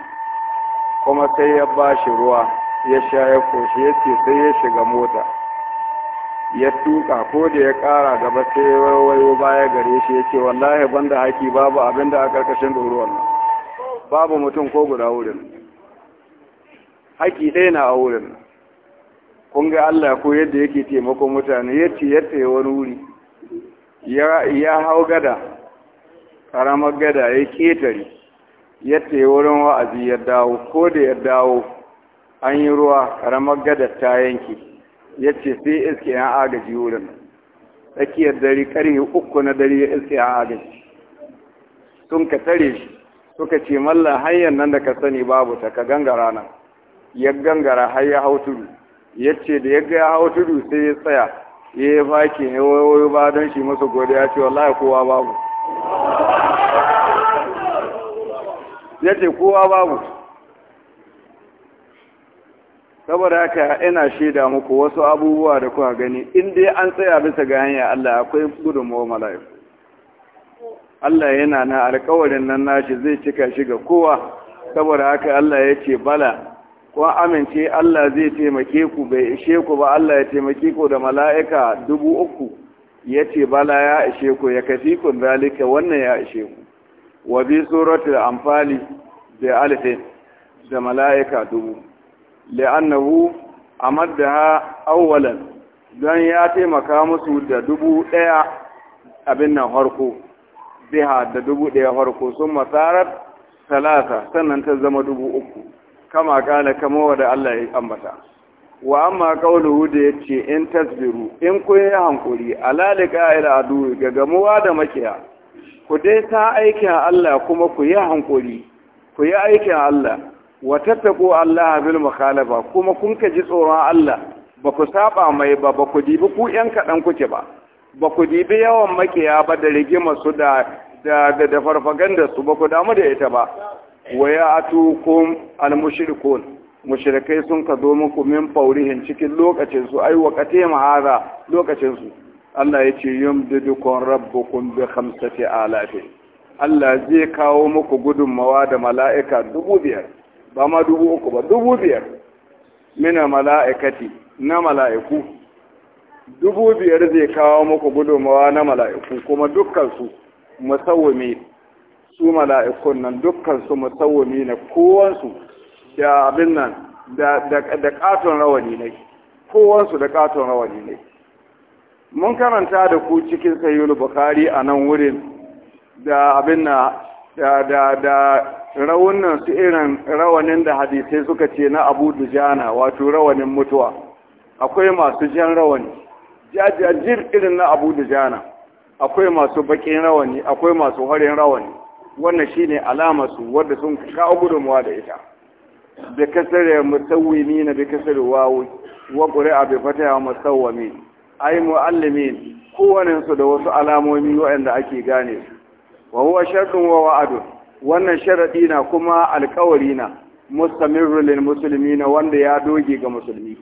kuma sai ya bashi ruwa ya sha ya koshi ya ce sai ya shiga mota ya tuka ko da ya kara gaba sai wayo baya gare shi ya ce wallahi banda haki babu abin da a karkashin doruwan nan babu mutum ko guda wurin haki ɗaya na a wurin kun ga Allah ko yadda yake taimakon mutane ya ce ya tsaye wani wuri ya hau gada ƙaramar gada ya ƙetare ya tsaye wurin wa'azi ya dawo ko da ya dawo an yi ruwa ƙaramar gada ta yanki. ya ce sai iske ya agaji wurin tsakiyar dare karhe uku na dare ya iske ya agaji sun ka tare shi suka ce mallan hanyar nan da ka sani babu ta ka gangara nan ya gangara har ya hau tudu ya ce da ya ga ya hau tudu sai ya tsaya ya yi faki ya wayo ba don shi masa godiya ce wallahi kowa babu ya ce kowa babu saboda haka ina shaida muku wasu abubuwa da kuka gani in dai an tsaya bisa ga hanya Allah akwai gudunmawar mala'iku Allah yana na alƙawarin nan nashi zai cika shi ga kowa saboda haka Allah ya ce bala ko amince Allah zai taimake ku bai ishe ku ba Allah ya taimake ku da mala'ika dubu uku ya ce bala ya ishe ku ya kafi ku dalika wannan ya ishe ku wa bi suratul anfali da alifin da mala'ika dubu li'annahu amaddaha awwalan don ya taimaka musu da dubu ɗaya abin nan harko biha da dubu ɗaya harko sun masarar talata sannan ta zama dubu uku kama kala kama wada Allah ya ambata wa amma kauluhu da ya ce in tasbiru in kun yi hankuri alalika ila adu ga gamuwa da makiya ku dai ta aikin Allah kuma ku yi hankuri ku yi aikin Allah wa tattaku Allah bil mukhalafa kuma kun ka ji tsoron Allah ba ku saba mai ba ba ku dibi ku yan kaɗan kuke ba ba ku dibi yawan makiya ba da rigima su da da da, farfaganda su ba ku damu da ita ba wa ya atukum al mushrikun mushrikai sun ka zo muku min faurihin cikin lokacin su ai wa qatim hada lokacin su Allah ya ce yumdidukum rabbukum bi khamsati alafi Allah zai kawo muku gudunmawa da mala'ika dubu biyar ba ma dubu uku ba dubu biyar mina mala'ikati na mala'iku dubu biyar zai kawo muku gudunmawa na mala'iku kuma dukkansu musawwami su mala'ikun nan dukkansu musawwami na kowansu da abin nan da katon rawani ne kowansu da katon rawani ne mun karanta da ku cikin sayyul bukari a nan wurin da abin na da da rawunan su irin rawanin da hadisai suka ce na abu dujana wato rawanin mutuwa akwai masu jan rawani jajajir irin na abu dujana akwai masu bakin rawani akwai masu harin rawani wannan shi ne alamarsu wadda sun kawo gudunmuwa da ita da kasare na da kasare wawu wa bai fata fataha musawwimin ay muallimin mu'allimi kowaninsu da wasu alamomi waɗanda ake gane su wa huwa shartun wa wa'adun wannan sharaɗi na kuma alkawari na mustamirru lil muslimina wanda ya doge ga musulmi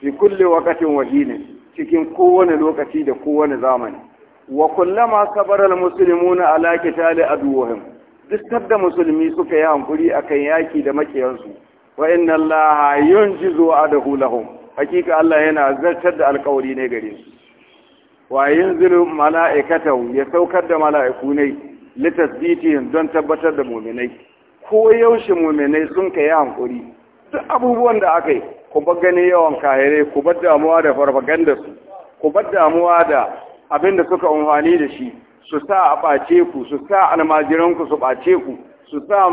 fi kulli waqatin wahine cikin kowane lokaci da kowane zamani wa kullama sabara al muslimuna ala qitali aduwwahum duk da musulmi suka yi hankuri akan yaki da makiyansu wa inna allaha yunjizu adahu lahum hakika Allah yana zartar da alkawari ne gare su wa yanzilu mala'ikatahu ya saukar da mala'iku ne litasbitihim don tabbatar da muminai ko yaushe muminai sun ka yi hankuri duk abubuwan da aka yi ku bar gani yawan kahire ku bar damuwa da farfaganda su ku bar damuwa da abin da suka amfani da shi su sa a ɓace ku su sa ku su ɓace ku su sa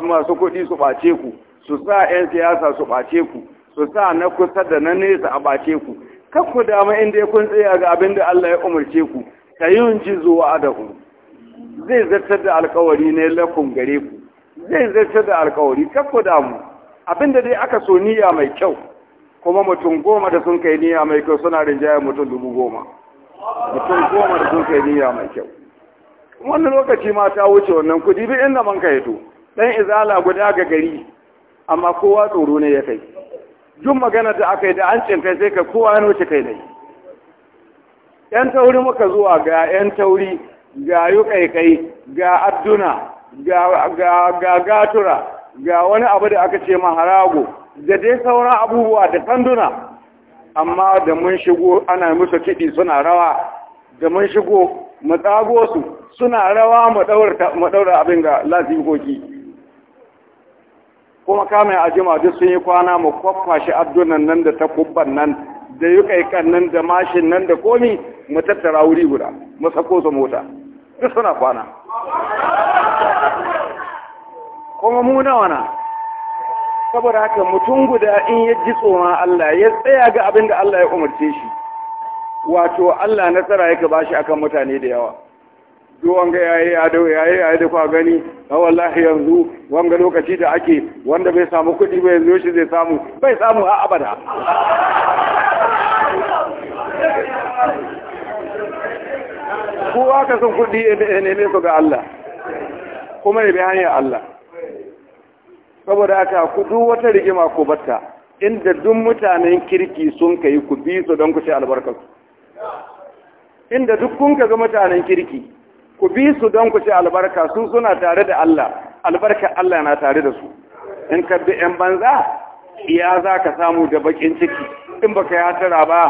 masu kuɗi su ɓace ku su sa 'yan siyasa su ɓace ku su sa na kusa da na nesa a ɓace ku kan ku dama inda kun tsaya ga abin da Allah ya umarce ku ta yi jizo wa adahu zai zartar da alkawari ne lakum gare ku zai zartar da alkawari kakku damu abinda dai aka so niyya mai kyau kuma mutum goma da sun kai niyya mai kyau suna rinjaya mutum dubu goma mutum goma da sun kai niyya mai kyau wani lokaci ma ta wuce wannan kudi bi inda man ka to. dan izala guda ga gari amma kowa tsoro ne ya kai jin magana da aka yi da an kai sai ka kowa ya noce kai ne yan tauri muka zuwa ga yan tauri ga yuƙaiƙai ga adduna ga gatura ga wani abu da aka ce maharago da dai sauran abubuwa da sanduna amma da mun shigo ana musu kiɗi suna rawa da mun shigo matsago su suna rawa mu abin ga lazikoki kuma kamar ajima duk sun yi kwana mu kwakwashi addunan nan da takubban nan da yuƙaiƙan nan da mashin nan da komi mu tattara wuri guda mu sako su mota duk suna kwana kuma mu nawa saboda haka mutum guda in ya ji tsoron Allah ya tsaya ga abin da Allah ya umarce shi wato Allah nasara yake ba shi akan mutane da yawa duk wanga yayi ya yayi da gani a wallahi yanzu wanga lokaci da ake wanda bai samu kuɗi bai yanzu shi zai samu bai samu a abada kowa ka san kuɗi ne neme su ga Allah kuma ne bi hanya Allah saboda aka ku wata rigima ko batta inda duk mutanen kirki sun kai ku bi su don ku ci su. inda duk kun ka ga mutanen kirki ku bi su don ku ci albarka su suna tare da Allah albarka Allah na tare da su in ka bi yan banza iya za ka samu da bakin ciki in baka ya tara ba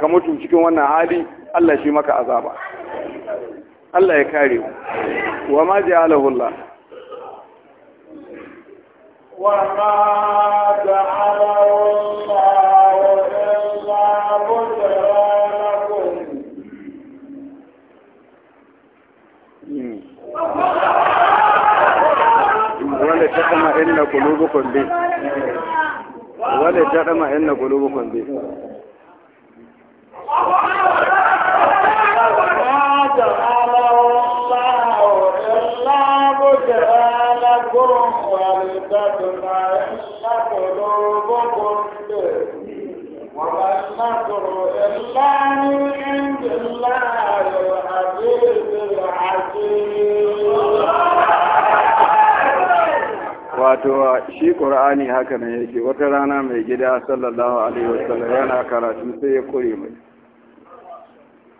ka mutu cikin wannan hali Allah shi maka azaba Allah ya kare mu wa ma ji Allah wa ma alahulla wa illa budranakum wala taqma inna qulubukum bi wala taqma inna qulubukum bi wato shi ƙura'ani haka ne yake wata rana mai gida sallallahu alaihi wasallam yana karatu sai ya kore mai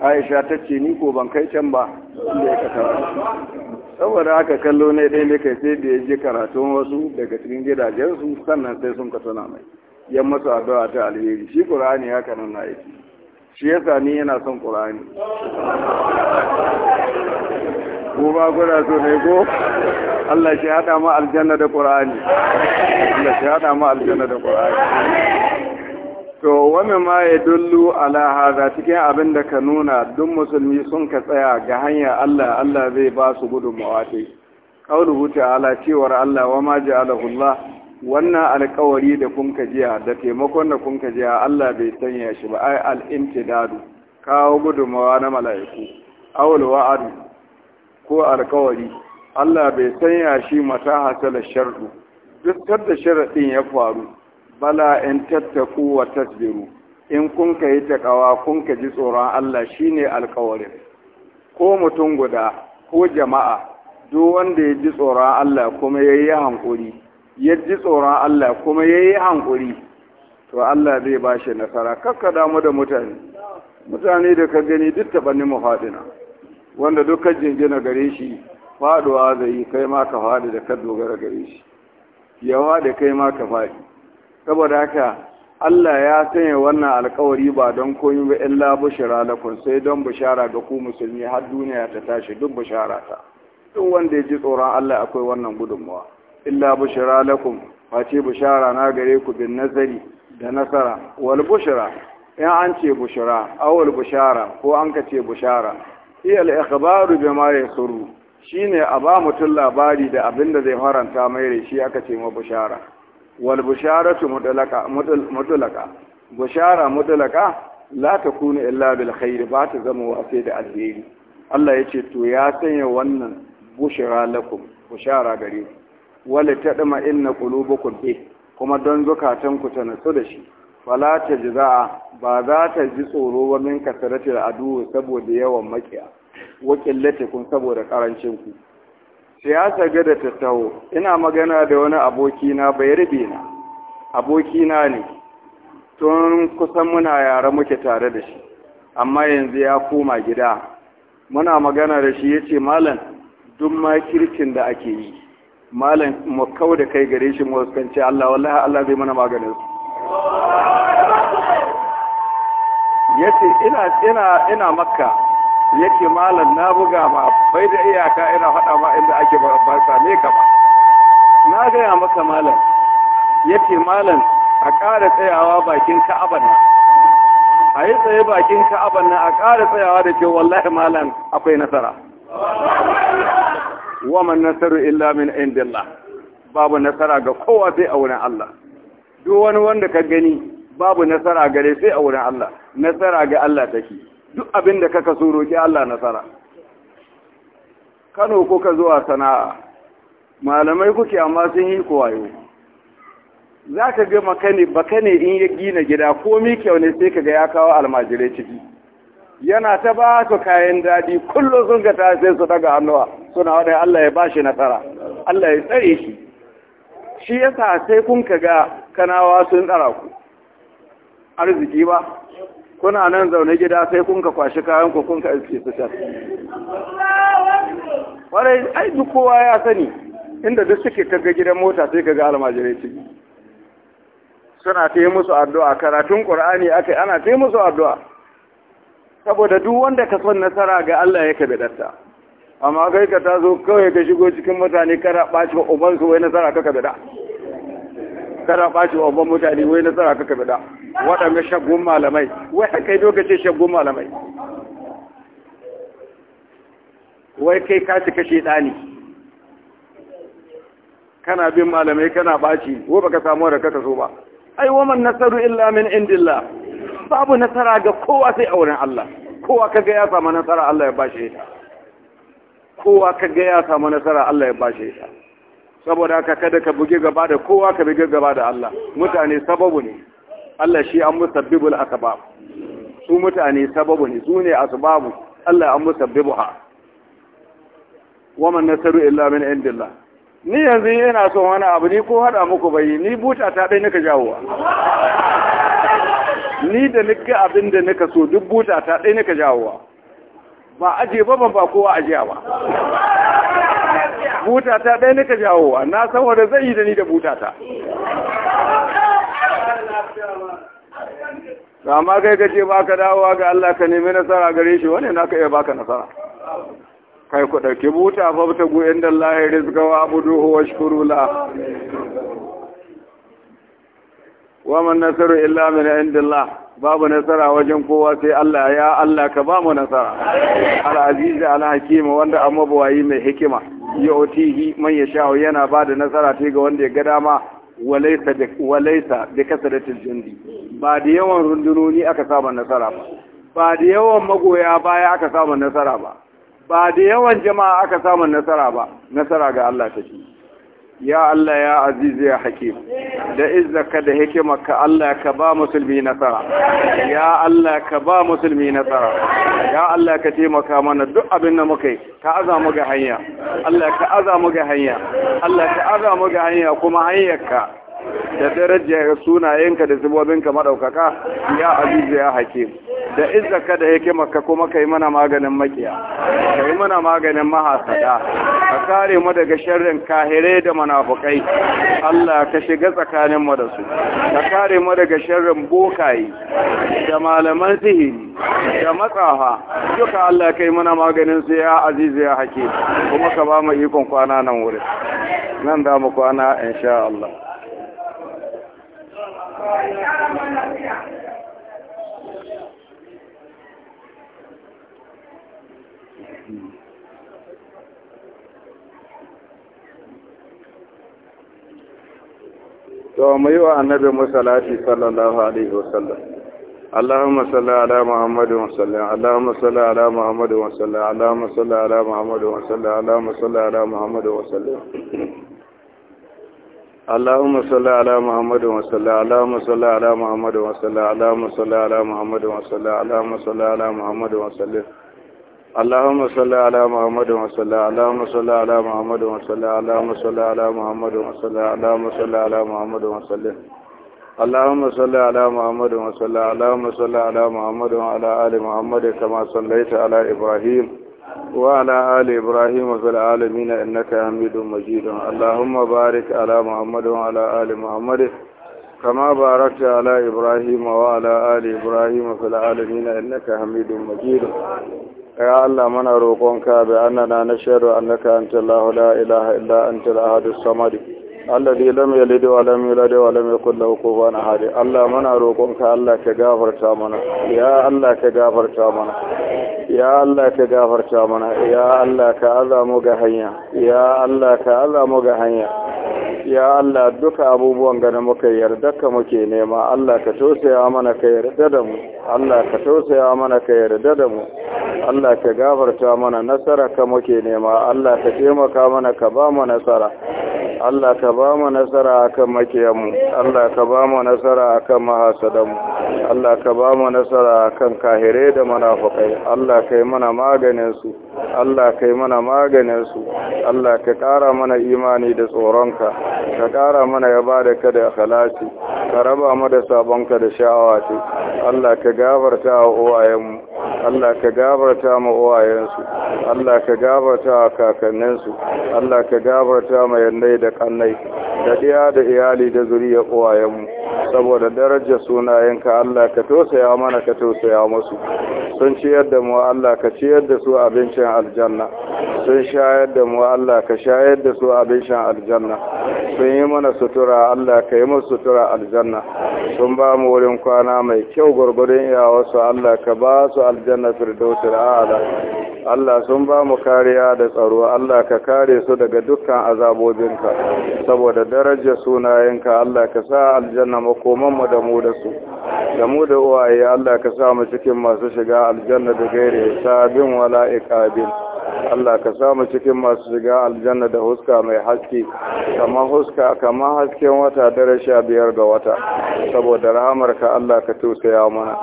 aisha ta ce ni ko ban kai can ba inda ya karatu saboda haka kallo ne ɗaya ne kai sai da ya je karatun wasu daga cikin gidajensu sannan sai sun ka tuna mai yan masu addu'a ta alheri shi ƙura'ani haka nan na yake shi yasa ni yana son ƙura'ani Guba kuna so ne ko Allah shi hada ma aljanna da Qur'ani Allah shi hada ma aljanna da Qur'ani to wannan ma ya dullu ala hada cikin abin da ka nuna duk musulmi sun ka tsaya ga hanya Allah Allah zai ba su gudunmawa ce qawluhu al'a cewar Allah wa ma ja'alahu Allah wannan alƙawari da kun ka jiya da taimakon da kun ka jiya Allah bai sanya shi ba ai al intidadu kawo gudunmawa na mala'iku awul wa'adu ko alkawari Allah bai sanya shi mata hasala shardu duk da sharadin ya faru bala in tattaku wa tasbiru in kun ka yi takawa kun ka ji tsoron Allah shine alkawarin ko mutum guda ko jama'a duk wanda ya ji tsoron Allah kuma ya yi hankuri ya ji tsoron Allah kuma ya yi hankuri to Allah zai ba shi nasara kakka damu da mutane mutane da ka gani duk taɓa ni muhaɗina wanda duka jingina gare shi faduwa zai yi kai ma ka faɗi da ka dogara gare shi yawa da kai ma ka faɗi saboda haka Allah ya sanya wannan alkawari ba don koyi ba illa bushara lakun. sai don bushara ga ku musulmi har duniya ta tashi duk bushara ta duk wanda ya ji tsoron Allah akwai wannan gudunmawa illa bushara lakum face bushara na gare ku bin nazari da nasara wal bushara in an ce bushara awal bushara ko an ka ce bushara iya al'akabaru bai ma ya suru shine a ba mutum labari da abin da zai faranta mai shi aka ce ma bushara wal busharatu mutulaka bushara mutulaka la ta illa bil khair ba ta zama wa sai da alheri Allah ya ce to ya sanya wannan bushara lakum bushara gare ku wala tadma inna qulubukum bi kuma don zukatan ku ta nasu da shi fala ta jiza'a ba za ta ji tsoro wa min kasaratil adu saboda yawan makiya wa kun saboda karancin ku siyasa ga da tattaho ina magana da wani aboki na bai rabe na aboki na ne tun kusan muna yara muke tare da shi amma yanzu ya koma gida muna magana da shi yace malam duk ma kirkin da ake yi malam mu kau da kai gare shi mu waskanci Allah wallahi Allah zai mana maganin su yace ina ina ina makka yake malam na buga ma bai da iyaka ina faɗa ma inda ake ba same ka ba na gaya maka malam yake malam a ƙara tsayawa bakin ka'aban nan a yi tsaye bakin ka'aban nan a ƙara tsayawa da ke wallahi malam akwai nasara waman nasaru illa min indillah babu nasara ga kowa sai a wurin Allah duk wani wanda ka gani babu nasara gare sai a wurin Allah nasara ga Allah take duk abin da kaka so roƙi Allah nasara Kano ko ka zuwa sana'a malamai kuke amma sun yi kowayo za ka ga makane bakane in ya gina gida komi kyau ne sai ka ga ya kawo almajirai ciki yana ta ba su kayan daɗi kullum sun ga ta sai su daga hannuwa suna wada Allah ya bashi nasara Allah ya tsare shi shi yasa sai kun ka ga kanawa sun tsara ku arziki ba kuna nan zaune gida sai kun ka kwashi kayan ku kun ka iske su can wala ai duk kowa ya sani inda duk suke kaga gidan mota sai kaga almajirai ciki suna ta yi musu addu'a karatun qur'ani akai ana ta yi musu addu'a saboda duk wanda ka son nasara ga Allah ya kabidarta amma kai ka tazo kawai ka shigo cikin mutane kana ɓaci uban su wai nasara ka kabida kana ɓaci wa uban mutane wai nasara ka kabida waɗanda shaggun malamai wai haka yi lokacin shaggun malamai wai kai kashi-kashi cika ɗani kana bin malamai kana baci wo baka samu da kaka so ba ai waman nasaru illa min indilla. babu nasara ga kowa sai a wurin Allah kowa kaga ya samu nasara Allah ya bashi ita kowa kaga ya samu nasara Allah ya bashi ita saboda haka kada ka buge gaba da kowa ka buge gaba da Allah mutane sababu ne Allah shi an musabbibul asbab su mutane sababu ne su ne asbabu Allah an musabbibuha wa man nasaru illa min indillah ni yanzu ina so wani abu ni ko hada muku bai ni buta ta dai nika jawo ni da nika abin da nika so duk buta ta dai nika jawo ba aje ba ban ba kowa aje ba buta ta dai nika jawo na san wanda zai yi da ni da buta ta amma kai ka ce ba ka dawowa ga Allah ka nemi nasara gare shi wani na ka iya baka nasara kai ku ɗauki buta ta gu da Allah ya rizga wa abudu wa shukuru la wa man nasaru illa min indillah babu nasara wajen kowa sai Allah ya Allah ka ba mu nasara al-aziz al-hakim wanda amma bawayi mai hikima ya man ya sha yana ba da nasara ta ga wanda ya ga dama walaisa da kasaratin jindi ba da yawan rundunoni aka samu nasara ba ba da yawan magoya baya aka samu nasara ba ba da yawan jama'a aka samu nasara ba nasara ga Allah ta ce ya Allah ya azizu ya hakim da izzaka da hikimarka Allah ka ba musulmi nasara ya Allah ka ba musulmi nasara ya Allah ka taimaka mana duk abin da muka yi ka aza mu ga hanya Allah ka aza ga hanya Allah ka aza ga hanya kuma hanyarka da darajar sunayenka da zubobinka madaukaka ya azizu ya hakim da izzaka da yake maka kuma kai mana maganin makiya kai mana maganin mahasada ka kare mu daga sharrin kahire da munafukai Allah ka shiga tsakanin mu da su ka kare mu daga sharrin bokayi da malaman sihiri da matsafa duka Allah kai mana maganin su ya azizu ya hakim kuma ka ba mu ikon kwana nan wurin nan da mu kwana insha Allah to mu yi wa annabi musallati sallallahu alaihi wasallam Allahumma salli ala Muhammad wa sallim Allahumma salli ala Muhammad wa sallim Allahumma salli ala Muhammad wa sallim Allahumma salli ala wa اللهم صل على محمد وصلى اللهم صل على محمد وصلى اللهم صل على محمد وصلى اللهم صل على محمد وصلى اللهم صل على محمد وصلى اللهم صل على محمد وصلى اللهم صل على محمد وصلى اللهم صل على محمد وصلى اللهم صل على محمد وصلى اللهم صل على محمد وعلى ال محمد كما صليت على ابراهيم وعلى آل إبراهيم في العالمين إنك حميد مجيد اللهم بارك على محمد وعلى آل محمد كما باركت على إبراهيم وعلى آل إبراهيم في العالمين إنك حميد مجيد يا الله من أروقك بأننا نشهد أنك أنت الله لا إله إلا أنت الأحد الصمد Allah da ilm ya lade wa alam ya lade wa alam ya Allah muna roƙon ka Allah ka gafarta mana ya Allah ka gafarta mana ya Allah ka gafarta mana hanya ya Allah ka azamu ga hanya ya Allah duka abubuwan gane muka yarda ka muke nema Allah ka tausaya mana ka yarda da mu Allah ka tausaya mana ka yarda da mu Allah ka gafarta mana nasara ka muke nema Allah ka taimaka mana ka ba mu nasara Allah ka ba mu nasara akan makiyanmu Allah ka ba mu nasara akan mahasadanmu Allah ka ba mu nasara akan kahire da munafikai Allah kai mana maganin su Allah kai mana maganin su Allah ka ƙara mana imani da tsoronka ka ƙara mana gaba da ka da khalasi ka raba mu da sabonka da sha'awa ce Allah ka gafarta wa uwayenmu Allah ka gafarta ma uwayensu Allah ka gafarta wa kakanninsu Allah ka gafarta ma yannai da kannai da iya da iyali da zuriya uwayenmu saboda darajar sunayenka Allah ka tausaya mana ka tausaya musu sun ciyar da mu Allah ka ciyar da su abincin aljanna sun shayar da mu Allah ka shayar da su abincin aljanna sun yi mana sutura Allah ka yi musu sutura aljanna sun ba mu wurin kwana mai kyau gurgurin iyawarsu Allah ka ba su aljanna firdausul a'ala Allah sun ba mu kariya da tsaro Allah ka kare su daga dukkan azabobinka saboda daraja sunayenka Allah ka sa aljanna makoman mu da mu da su da mu da uwaye Allah ka sa mu cikin masu shiga aljanna da gaire sabin wala Allah ka samu cikin masu shiga aljanna da huska mai haske kama huska kama hasken wata dare sha biyar ga wata saboda rahamar ka Allah ka tausaya mana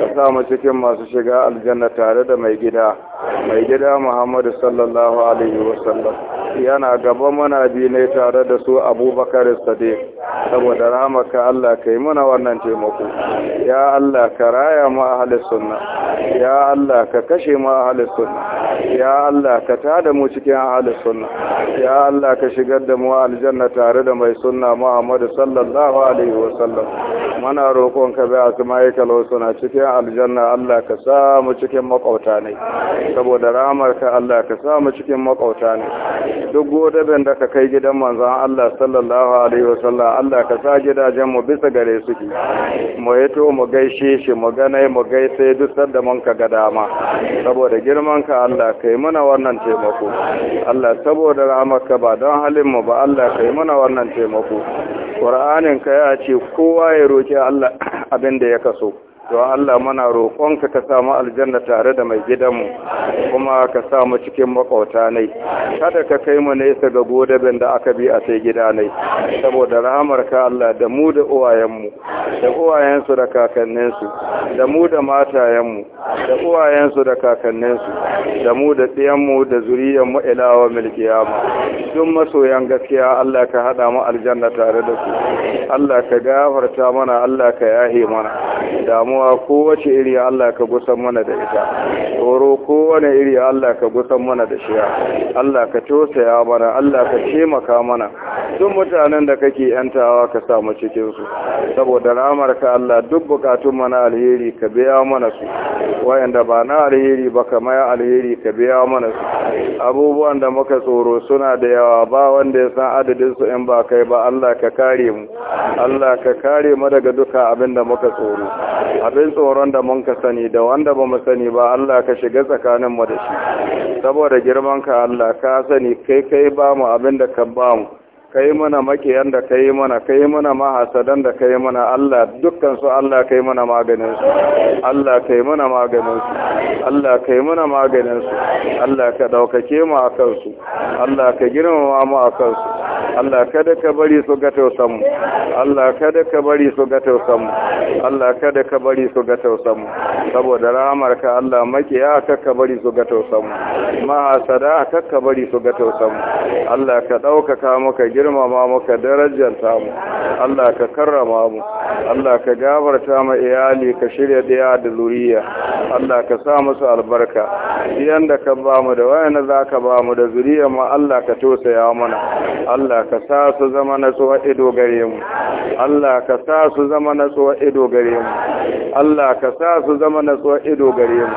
ka samu cikin masu shiga aljanna tare da mai gida mai gida Muhammadu sallallahu alaihi wasallam yana gaba mana bi ne tare da su Abubakar Sadiq saboda ramaka Allah ka yi muna wannan taimako ya Allah ka raya mu ahlus sunna ya Allah ka kashe mu ahlus sunna ya Allah ka tada mu cikin ahlus sunna ya Allah ka shigar da mu aljanna tare da mai sunna Muhammadu sallallahu alaihi wasallam muna roƙon ka bai asma'ikal suna cikin aljanna Allah ka sa mu cikin makauta ne saboda ka Allah ka sa mu cikin makauta ne duk godabin da ka kai gidan manzon Allah sallallahu alaihi wasallam Allah ka sa gidajen mu bisa gare suke mu yi to mu gaishe shi mu ganai mu gaishe duk da mun ka ga dama saboda girman ka Allah mana wannan taimako Allah saboda rahmarka ba don halin mu ba Allah ka yi mana wannan taimako Qur'anin ka ya ce kowa ya roki Allah abin da ya kaso to Allah muna roƙonka ka sa mu aljanna tare da mai gidanmu kuma ka sa mu cikin makauta ne kada ka kai mu nesa ga godabin da aka bi a sai gida ne saboda rahamar ka Allah da mu da uwayenmu da uwayensu da kakanninsu da mu da matayenmu da uwayensu da kakanninsu da mu da tsiyanmu da zuriyanmu ilawa milkiyama duk masoyan gaskiya Allah ka haɗa mu aljanna tare da su Allah ka gafarta mana Allah ka yahe mana damuwa damuwa kowace iri Allah ka gusan mana da ita tsoro kowane iri Allah ka gusan mana da shi Allah ka tosaya mana Allah ka taimaka mana duk mutanen da kake yantawa ka samu cikin su saboda ramar ka Allah duk bukatun mana alheri ka biya mana su wayanda ba na alheri ba ka maya alheri ka biya mana su abubuwan da muka tsoro suna da yawa ba wanda ya san adadin su in ba kai ba Allah ka kare mu Allah ka kare mu daga duka abinda da muka tsoro abin tsoron da mun ka sani da wanda ba mu sani ba Allah ka shiga tsakaninmu da shi saboda girman ka Allah ka sani kai kai ba mu abin da ka ba mu ka yi mana makiyan da ka yi mana ka yi mana mahasadan da ka yi mana Allah dukkansu Allah ka yi mana maganinsu Allah ka yi mana maganinsu Allah ka yi mana maganinsu Allah ka ɗaukake mu a kansu Allah ka girmama mu a kansu Allah kada ka bari su ga tausanmu Allah kada ka bari su ga tausanmu Allah kada ka bari su ga tausanmu saboda rahamar ka Allah makiya ka ka bari su ga tausanmu mahasada ka ka bari su ga tausanmu Allah ka ɗaukaka ka muka girmama muka darajar darajanta mu Allah ka karrama mu Allah ka gabarta mu iyali ka shirya daya da zuriya Allah ka sa musu albarka iyan da ka ba mu da wayana za ka ba mu da zuriya mu Allah ka tosaya mana Allah ka sa su zama na tsuwa ido gare mu Allah ka sa su zama na tsuwa ido gare mu Allah ka sa su zama na tsuwa ido gare mu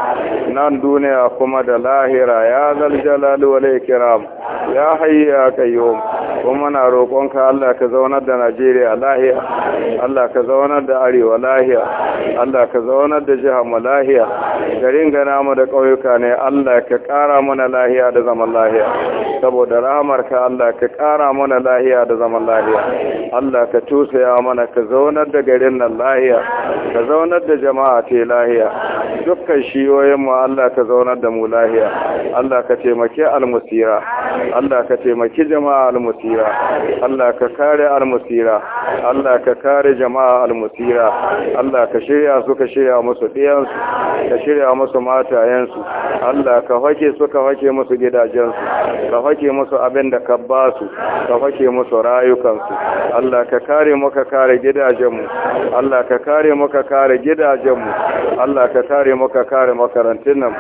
nan duniya kuma da lahira ya zal jalal wal ikram ya hayya kayyum kuma muna roƙonka Allah ka zaunar da Najeriya lahiya Allah ka zaunar da Arewa lahiya Allah ka zaunar da jihar mu lahiya garin gana mu da ƙauyuka ne Allah ka ƙara mana lahiya da zaman lahiya saboda rahamarka Allah ka ƙara mana lahiya da zaman lahiya Allah ka tusaya mana ka zaunar da garin nan lahiya ka zaunar da jama'a ta lahiya dukkan shiyoyin mu Allah ka zaunar da mu lahiya Allah ka taimaki almusira Allah ka taimaki jama'a almusira Allah ka kare almasira. Allah ka kare jama'a almasira. Allah ka shirya su ka shirya musu ɗiyansu ka shirya musu matayensu Allah ka hake su ka hake musu gidajensu ka hake musu abin da ka ba su ka hake musu rayukansu Allah ka kare mu ka kare gidajenmu Allah ka kare mu ka kare gidajenmu Allah ka kare mu ka kare makarantun nan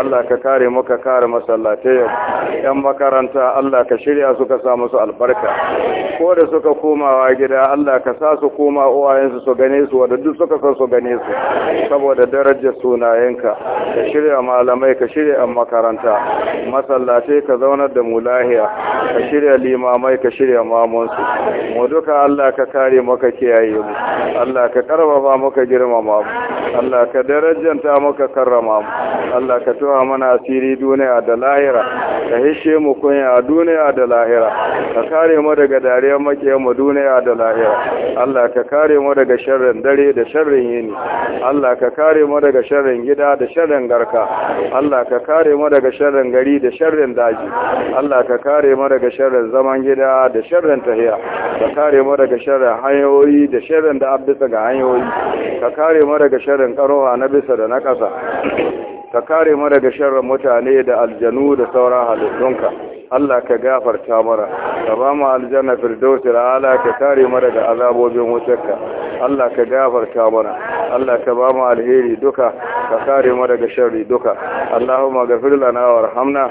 Allah ka kare mu ka kare masallatai yan makaranta Allah ka shirya su ka sa musu albarka ko da suka komawa gida Allah ka sa su koma uwayensu su gane su wadda duk suka san su gane su saboda darajar sunayenka ka shirya malamai ka shirya makaranta masallatai ka zaunar da mu lahiya ka shirya limamai ka shirya mamonsu mu duka Allah ka kare maka kiyaye mu Allah ka karfafa maka girmama mu Allah ka darajanta maka karrama mu Allah ka tuwa mana asiri duniya da lahira ka hishe mu kunya duniya da lahira ka kare kare mu daga dariyar makiyan mu duniya da lahira Allah ka kare mu daga sharrin dare da sharrin yini Allah ka kare mu daga sharrin gida da sharrin garka Allah ka kare mu daga sharrin gari da sharrin daji Allah ka kare mu daga sharrin zaman gida da sharrin tahiya ka kare mu daga sharrin hanyoyi da sharrin da abisa ga hanyoyi ka kare mu daga sharrin karowa na bisa da na ƙasa ka kare mu daga sharrin mutane da aljanu da sauran halittunka Allah ka gafarta mana ka ba mu aljanna firdausi ala ka kare mu daga azabobin wutarka Allah ka gafarta mana Allah ka ba mu alheri duka ka kare mu daga sharri duka Allahumma ghafir lana warhamna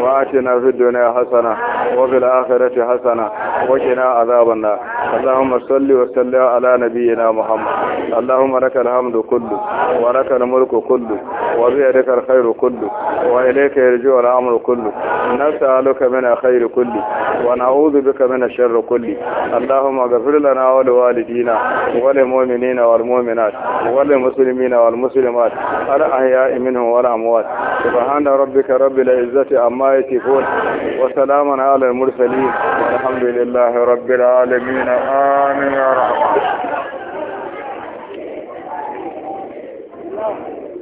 wa atina fid dunya hasana wa fil akhirati hasana wa qina azaban nar Allahumma salli wa sallim ala nabiyyina Muhammad Allahumma lakal hamdu kullu wa lakal mulku kullu wa biyadika alkhairu kullu wa ilayka yarji'u al-amru kullu nas'aluka من الخير كله ونعوذ بك من الشر كله اللهم اغفر لنا ولوالدينا وللمؤمنين والمؤمنات وللمسلمين والمسلمات الأحياء منهم والأموات سبحان ربك رب العزة عما يصفون وسلام على المرسلين والحمد لله رب العالمين آمين يا رحمن